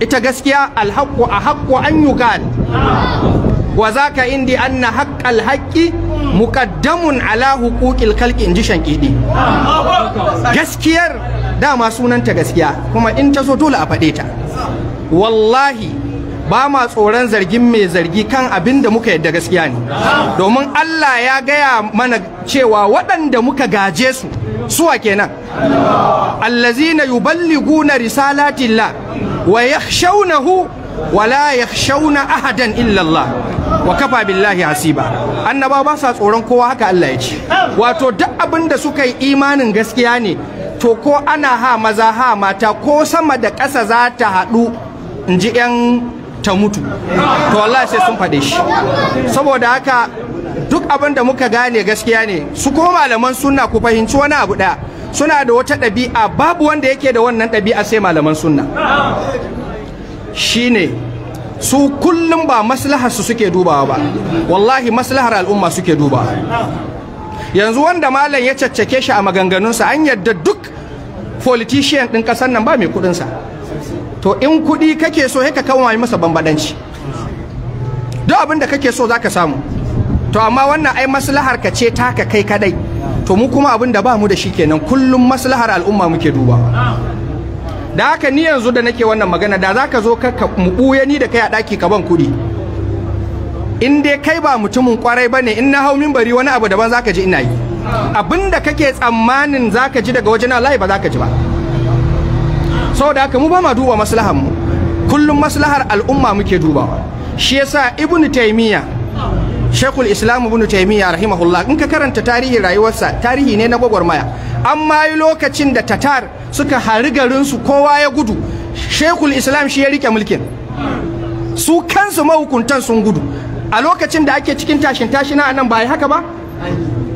ita gaskiya alhaqqu a haqqu an yuqal wa zaka indi anna haqqal haqqi muqaddamun ala huquqil khalqi inji shankidi gaskiyar dama sunanta gaskiya kuma in ta so dole a faɗe ta wallahi ba ma tsoron zargin mai zargi kan abin da muka yadda gaskiya ne domin Allah ya gaya mana cewa waɗanda muka gaje su suwa kenan allazina yuballiguna risalatillah wa yakhshawnahu wa la yakhshawna ahadan illallah wa kafa billahi hasiba annaba ba sa tsoron kowa haka Allah ya ce wato duk abin da suka yi imanin gaskiya ne to ko ana ha maza ha mata ko sama da ƙasa za ta haɗu in ji 'yan ta mutu to wallahi sai sun faɗe shi saboda haka duk abin da muka gane gaskiya ne su kuma malaman sunna ku fahimci wani abu ɗaya suna da wata ɗabi'a babu wanda yake da wannan ɗabi'a sai malaman sunna shine su kullum ba maslahar su suke dubawa ba wallahi maslahar al'umma suke dubawa yanzu wanda malam ya caccake shi a maganganunsa an yadda duk politician ɗin ƙasar nan ba mai kuɗinsa to in kuɗi kake so sai ka mai masa bambadanci duk abin da kake so zaka samu to amma wannan ai maslahar ka ce taka kai kadai to mu kuma abin da ba mu da shi kenan kullum maslahar al'umma muke duba. da haka ni yanzu da nake wannan magana da zaka zo ka mu buye ni da kai a daki ka ban kuɗi in dai kai ba mutumin kwarai bane in na hau bari wani abu daban zaka ji ina yi abin kake tsammanin zaka ji daga wajen Allah ba zaka ji ba saboda haka mu ba ma duba maslahar mu kullum maslahar al'umma muke dubawa shi yasa ibnu taymiya shekul islam ibnu taymiya rahimahullah in ka karanta tarihin rayuwarsa tarihi ne na gwagwarmaya amma yi lokacin da tatar suka hari garin su kowa ya gudu shekul islam shi ya rike mulkin su kansu mahukuntan sun gudu a lokacin da ake cikin tashin tashi na nan ba haka ba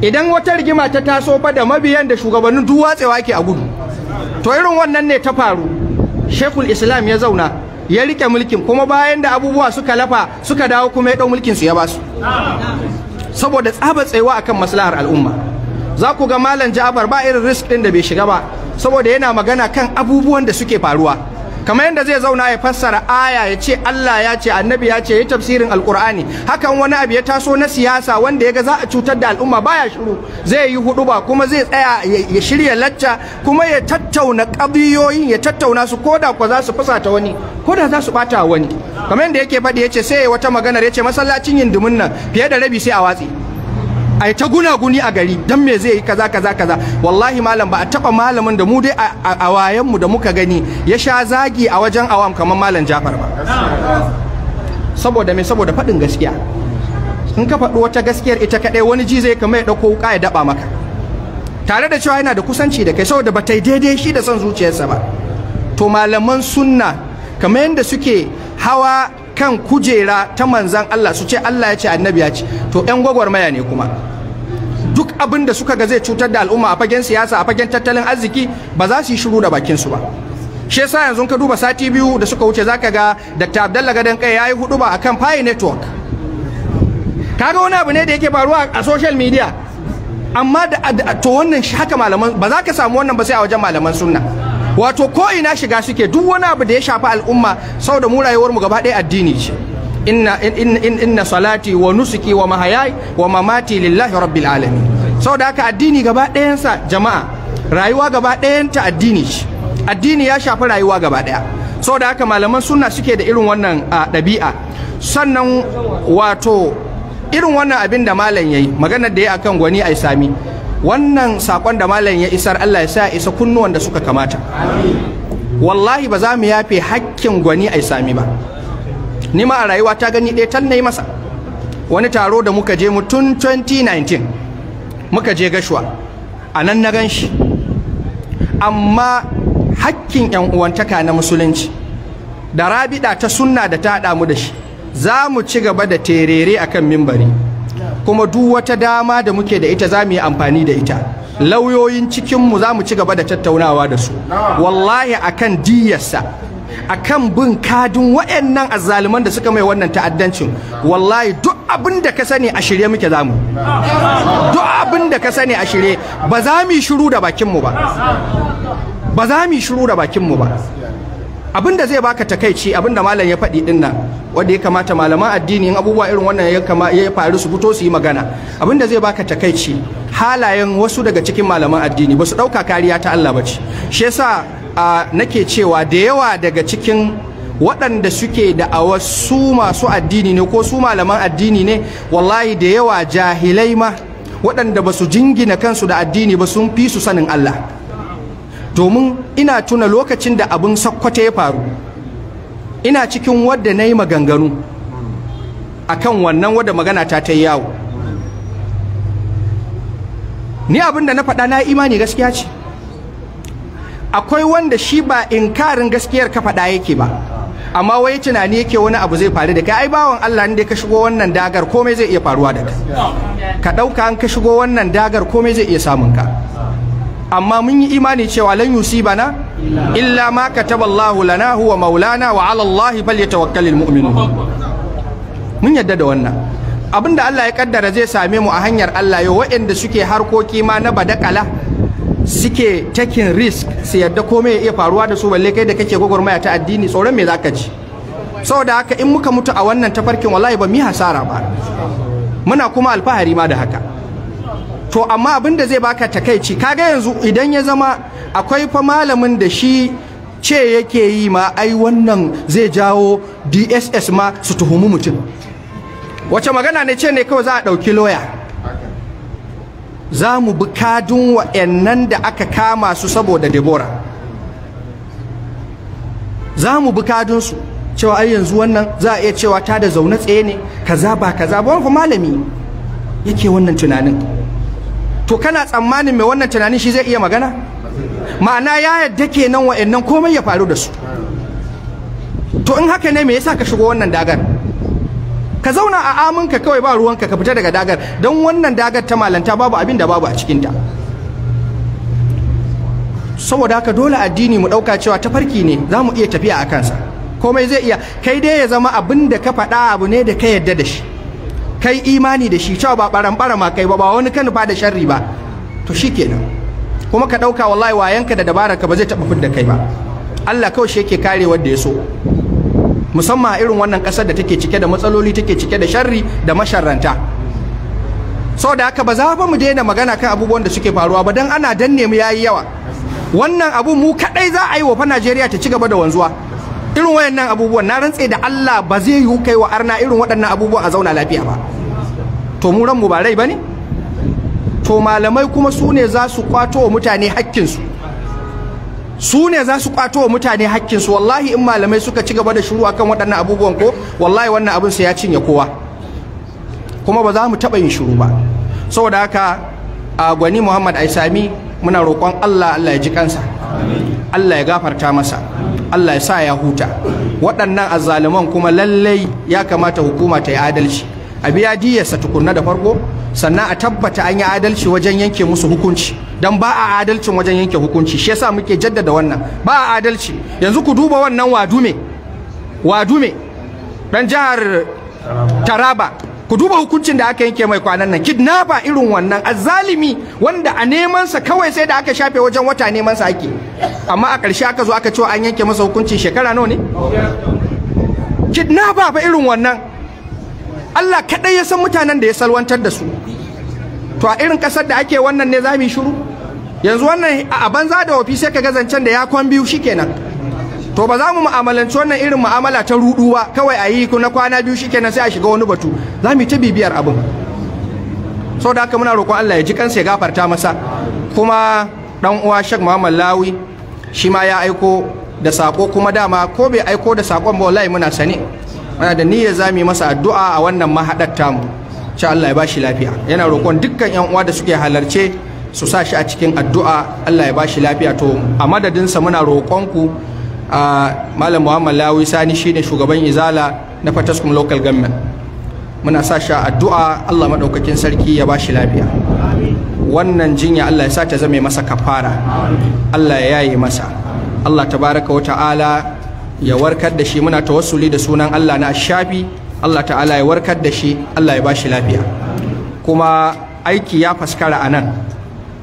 idan wata rigima ta taso fa da mabiyan da shugabannin duk watsewa ake a gudu to irin wannan ne ta faru shekul islam ya zauna ya rike mulkin kuma bayan da abubuwa suka lafa suka dawo kuma ya ɗau mulkin su ya basu saboda tsaba tsayawa akan maslahar al'umma za ku ga malam ja'far ba irin risk din da bai shiga ba saboda yana magana kan abubuwan da suke faruwa kamar yadda zai zauna ya fassara aya ya ce Allah ya ce annabi ya ce ya tafsirin alkur'ani hakan wani abu ya taso na siyasa wanda ya ga za a cutar da al'umma baya shiru zai yi hudu ba kuma zai tsaya ya shirya lacca kuma ya tattauna kabiyoyi ya tattauna su koda ko za su fusata wani koda za su bata wani kamar yadda yake faɗi ya ce sai wata magana ya ce masallacin yin dumin nan fiye da rabi sai a watsi a ta gunaguni a gari dan me zai yi kaza kaza kaza wallahi malam ba a taba malamin da mu dai a wayan mu da muka gani ya sha zagi a wajen awam kamar malam Jafar ba saboda me saboda faɗin gaskiya in ka faɗi wata gaskiyar ita kaɗai wani ji zai kamar ya ɗauko wuƙa ya daɓa maka tare da cewa yana da kusanci da kai saboda bata yi daidai shi da son zuciyarsa ba to malaman sunna kamar yadda suke hawa kan kujera ta manzan Allah su ce Allah ya ce annabi ya ce to yan gwagwarmaya ne kuma duk abin da suka ga zai cutar da al'umma a fagen siyasa a fagen tattalin arziki ba za su yi shiru da bakin su ba shi yasa yanzu ka duba sati biyu da suka wuce zaka ga Dr. Abdalla Gadan kai yayi hudu ba akan Fai network kaga wani abu ne da yake faruwa a social media amma da to wannan shi haka malaman ba za ka samu wannan ba sai a wajen malaman sunna wato ko ina shiga suke duk wani abu da ya shafi al'umma saboda mu rayuwar mu gaba ɗaya addini ce inna salati wa nusuki wa mahayai wa mamati lillahi rabbil alamin saboda haka addini gaba ɗayansa jama'a rayuwa gaba ɗayanta addini ce addini ya shafi rayuwa gaba ɗaya saboda haka malaman suna suke da irin wannan ɗabi'a sannan wato irin wannan abin da malam yi maganar da ya akan gwani ai sami wannan sakon da malam ya isar Allah ya sa isa kunnuwan da suka kamata wallahi ba za mu yafe hakkin gwani a sami ba ni ma a rayuwa ta gani ɗaya tan na yi masa wani taro da muka je mu tun 2019 muka je gashuwa a nan na gan shi amma hakkin yan uwantaka na musulunci da rabida ta sunna da ta haɗa mu da shi za mu ci gaba da terere akan mimbari kuma duk wata dama da muke da ita za mu yi amfani da ita lauyoyin cikinmu za mu ci gaba da tattaunawa da su wallahi akan diyarsa akan bin kadin waɗannan azzaluman da suka mai wannan ta'addancin wallahi duk abin da ka sani a shirye muke zamu duk abin da ka sani a shirye ba za mu yi shiru da bakinmu ba ba za mu yi shiru da bakinmu ba abin da zai baka takaici abin da malam ya faɗi dinna, wanda ya kamata malaman addini in abubuwa irin wannan ya kama ya faru su fito su yi magana abin da zai baka takaici halayen wasu daga cikin malaman addini ba su ɗauka kariya ta Allah ba ce shi yasa nake cewa da yawa daga cikin waɗanda suke da a su masu addini ne ko su malaman addini ne wallahi da yawa jahilai ma waɗanda ba su jingina kansu da addini ba sun fi su sanin Allah domin ina tuna lokacin da abin sakkwata ya faru ina cikin wadda na yi maganganu akan wannan wadda magana ta ta yawo ni abin da na faɗa na imani gaskiya ce akwai wanda shi ba inkarin gaskiyar ka faɗa yake ba amma wai tunani yake wani abu zai faru da kai ai bawan Allah ne ka shigo wannan dagar komai zai iya faruwa da kai ka ɗauka an ka shigo wannan dagar komai zai iya samun ka amma mun yi imani cewa lan yusibana illa ma kataballahu lana huwa maulana wa ala allahi falyatawakkalul mu'minun mun yadda da wannan abinda Allah ya kaddara zai same mu a hanyar Allah yau waɗanda suke harkoki ma na badakala suke taking risk su yadda komai ya iya faruwa da su balle kai da kake gwagwarmaya ta addini tsoron me zaka ji saboda haka in muka mutu a wannan tafarkin wallahi ba mi hasara ba muna kuma alfahari ma da haka to amma abin da zai baka takaici kaga yanzu idan ya zama akwai fa malamin da shi ce yake yi ma ai wannan zai jawo dss ma su tuhumi mutum wace magana ne ce ne kawai za a ɗauki loya za mu bi kadun wa'annan da aka kama su saboda debora za mu bi su cewa ai yanzu wannan za a iya cewa ta da zaune tsaye ne kaza ba kaza ba wani malami yake wannan tunanin to kana tsammanin mai wannan tunanin shi zai iya magana ma'ana ya yadda ke kenan wa'annan komai ya faru da su to in haka ne me yasa ka shigo wannan dagar ka zauna a aminka kawai ba ruwanka ka fita daga dagar don wannan dagar ta malanta babu abin da babu a cikinta saboda haka dole addini mu ɗauka cewa ta farki ne za mu iya tafiya a kansa komai zai iya kai dai ya zama abin da ka faɗa abu ne da ka yadda da shi kai imani da shi cewa ba baran ma kai ba ba wani kan ba da sharri ba to shikenan kuma ka dauka wallahi wayanka da dabara ka ba zai taba fidda kai ba Allah kawai shi yake kare wanda ya so musamman a irin wannan kasar da take cike da matsaloli take cike da sharri da masharranta sau da haka ba za mu daina magana kan abubuwan da suke faruwa ba dan ana danne mu yayi yawa wannan abu mu kadai za a yi wa fa Najeriya ta ci gaba da wanzuwa irin wayannan abubuwan na rantse da Allah ba zai yi kai wa arna irin waɗannan abubuwan a zauna lafiya ba to mu ranmu ba rai bane to malamai kuma su ne za su kwato wa mutane hakkinsu su ne za su kwato wa mutane hakkinsu wallahi in malamai suka ci gaba da shiru akan waɗannan abubuwan ko wallahi wannan abin sai ya cinye kowa kuma ba za mu taɓa yin shiru ba saboda haka a gwani muhammad sami muna roƙon allah allah ya ji kansa allah ya gafarta masa allah ya sa ya huta waɗannan azzaluman kuma lallai ya kamata hukuma ta yi adalci a biya diyarsa tukunna da farko sannan a tabbata an yi adalci wajen yanke musu hukunci dan ba a adalcin wajen yanke hukunci shi yasa muke jaddada wannan ba a adalci yanzu ku duba wannan wadume wadume dan jihar taraba ku duba hukuncin da aka yanke mai kwanan nan kidnapper irin wannan azzalimi wanda a neman sa kawai sai da aka shafe wajen wata neman sa ake amma a ƙarshe aka zo aka ce an yanke masa hukuncin shekara nawa ne kidnapper fa irin wannan Allah kaɗai ya san mutanen da ya salwantar da su to a irin ƙasar da ake wannan ne za mu yi shiru yanzu wannan a banza da wafi sai ka ga zancen da ya kwan biyu shikenan to ba za mu mu'amalanci wannan irin mu'amala ta rudu ba kawai a yi na kwana biyu shikenan sai a shiga wani batu za mu yi ta bibiyar abin so da haka muna roƙon Allah ya ji kansa ya gafarta masa kuma dan uwa Sheikh Muhammad Lawi shi ma ya aiko da sako kuma dama ko bai aiko da sakon ba wallahi muna sani muna da niyyar za mu yi masa addu'a a wannan mahaɗar tamu Allah ya bashi lafiya yana roƙon dukkan yan uwa da suke halarce su sa shi a cikin addu'a Allah ya bashi lafiya to a madadinsa muna roƙon ku malam Muhammad Lawi Sani shine shugaban Izala na Fataskum Local Government muna sa shi a addu'a Allah madaukakin sarki ya bashi lafiya wannan jinya Allah ya sa ta zame masa kafara Allah ya yaye masa Allah tabaraka wa ta'ala ya warkar da shi muna wasuli da sunan Allah na shafi Allah ta'ala ya warkar da shi Allah ya ba shi lafiya kuma aiki ya faskara a nan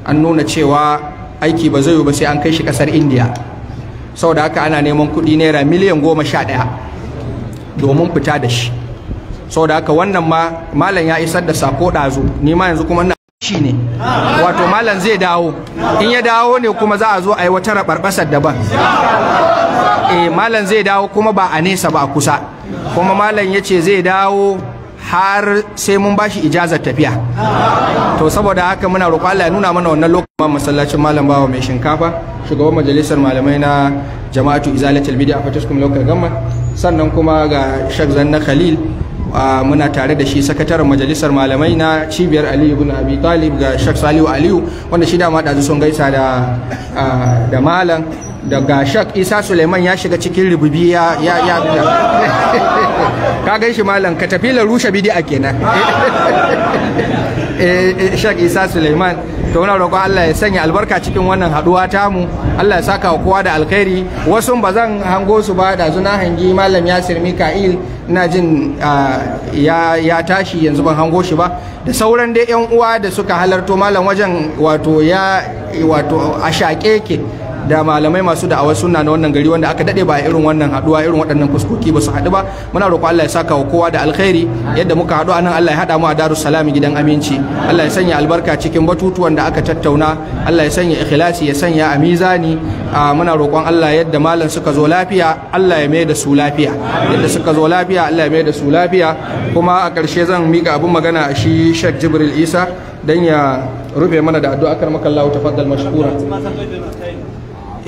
an nuna cewa aiki ba zai yi ba sai an kai shi kasar indiya sau da haka ana neman kudi naira miliyan goma sha ɗaya domin fita da shi Sau da haka wannan ma malam ya isar da sako ɗazu ni ma yanzu kuma shi ne wato malam zai dawo in ya dawo ne kuma za a zo a yi wata rabarbasar daban e malam zai dawo kuma ba a nesa ba a kusa kuma malam ya ce zai dawo har sai mun bashi ijazar tafiya to saboda haka muna roƙo Allah ya nuna mana wannan lokacin masallacin malam bawa mai shinkafa shugaban majalisar malamai na jama'atu izalatul bid'a fatiskum local government sannan kuma ga Sheikh Zanna Khalil muna tare da shi sakataren majalisar malamai na cibiyar aliyu ibn abi talib ga shak salihu aliyu wanda shi dama ɗazu sun gaisa da da malam daga shak isa suleiman ya shiga cikin rububi ya ya ya *laughs* ka gan shi malam ka tafi la rushe bidi'a kenan *laughs* eh, eh Sheikh Isa Suleiman to muna roƙon Allah ya sanya albarka cikin wannan haduwa tamu Allah ya saka kowa da alkhairi wasu ba zan hango su ba da zuna hangi malam Yasir Mika'il ina jin ah, ya ya tashi yanzu ban hango shi ba da sauran dai yan uwa da suka halarto malam wajen wato ya wato a shaƙe ke da malamai masu da'awar suna na wannan gari wanda aka dade ba irin wannan haduwa irin waɗannan fuskoki ba su haɗu ba muna roƙo Allah ya saka wa kowa da alkhairi yadda muka haɗu anan Allah ya haɗa mu a Darus Salam gidan aminci Allah ya sanya albarka cikin batutuwan da aka tattauna Allah ya sanya ikhlasi ya sanya a mizani muna roƙon Allah yadda malam suka zo lafiya Allah ya mai da su lafiya yadda suka zo lafiya Allah ya mai da su lafiya kuma a ƙarshe zan mika abin magana a shi Sheikh Jibril Isa dan ya rufe mana da addu'a kar makallahu tafaddal mashkura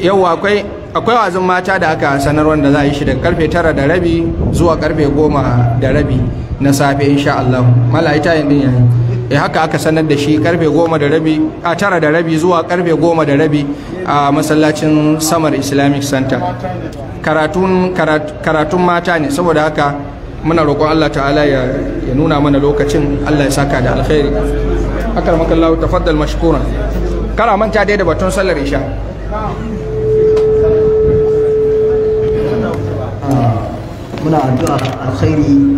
yau akwai akwai wazin mata da aka sanar wanda za a yi shi daga karfe tara da rabi zuwa karfe goma da rabi na safe insha Allah malaita yin din yayi eh haka aka sanar da shi karfe goma da rabi a tara da rabi zuwa karfe goma da rabi a masallacin samar islamic center karatun karatun mata ne saboda haka muna roƙon Allah ta'ala ya nuna mana lokacin Allah ya saka da alkhairi akar makallahu tafaddal mashkuran kara manta dai da batun sallar isha muna addu'a alkhairi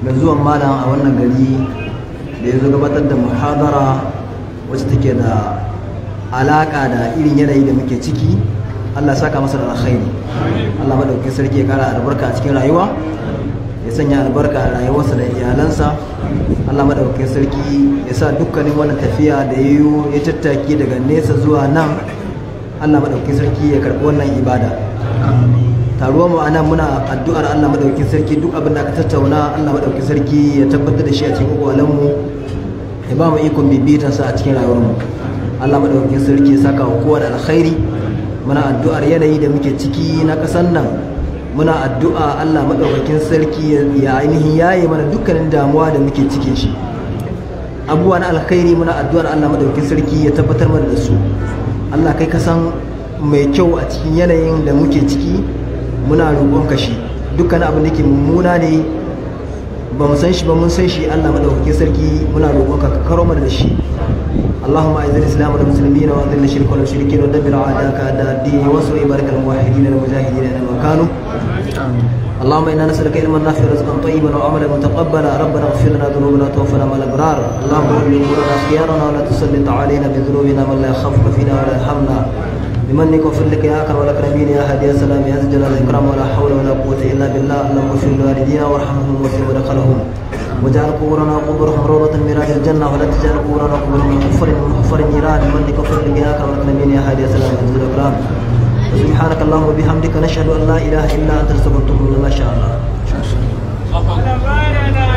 ga zuwan malam a wannan gari da ya zo gabatar da muhadara wacce take da alaka da irin yanayi da muke ciki Allah saka masa da alkhairi Allah madaukakin sarki ya kara albarka a cikin rayuwa ya sanya albarka a rayuwarsa da iyalansa Allah madaukakin sarki ya sa dukkanin wannan tafiya da ya ya tattaki daga nesa zuwa nan Allah madaukakin sarki ya karɓi wannan ibada taruwa mu anan muna addu'ar Allah madaukakin sarki duk abin da ka tattauna Allah madaukakin sarki ya tabbatar da shi a cikin kwalan mu ya ba mu ikon bibita sa a cikin rayuwar mu Allah madaukakin sarki ya saka kowa da alkhairi muna addu'ar yanayi da muke ciki na kasan nan muna addu'a Allah madaukakin sarki ya ainihin yaye mana dukkanin damuwa da muke cikin shi abubuwa na alkhairi muna addu'ar Allah madaukakin sarki ya tabbatar mana da su Allah kai ka san mai kyau a cikin yanayin da muke ciki muna roƙon ka shi dukkan abin da ke mummuna ne ba mu san shi ba mun san shi Allah madaukakin sarki muna roƙon ka ka karo mana da shi اللهم اعز الاسلام والمسلمين واذل الشرك والمشركين ودبر اعداءك اعداء الدين وانصر عبادك الموحدين المجاهدين اينما كانوا اللهم انا نسالك علما نافعا ورزقا طيبا وعملا متقبلا ربنا اغفر لنا ذنوبنا وتوفنا مع الابرار اللهم ارحم امورنا خيارنا ولا تسلط علينا بذنوبنا من لا يخافك فينا ولا يرحمنا بمنك وفضلك يا اكرم الاكرمين يا هادي السلام يا ذا الجلال والاكرام ولا حول ولا قوه الا بالله اللهم اغفر لوالدينا وارحمهم واغفر ودخلهم وجعل قبورنا وقبورهم روضة من رياض الجنة ولا تجعل قبورنا وقبورهم حفر من حفر النيران بمنك وفضلك يا اكرم الاكرمين يا هادي السلام يا ذا الاكرام سبحانك اللهم وبحمدك نشهد ان لا اله الا انت نستغفرك ونتوب ما شاء الله.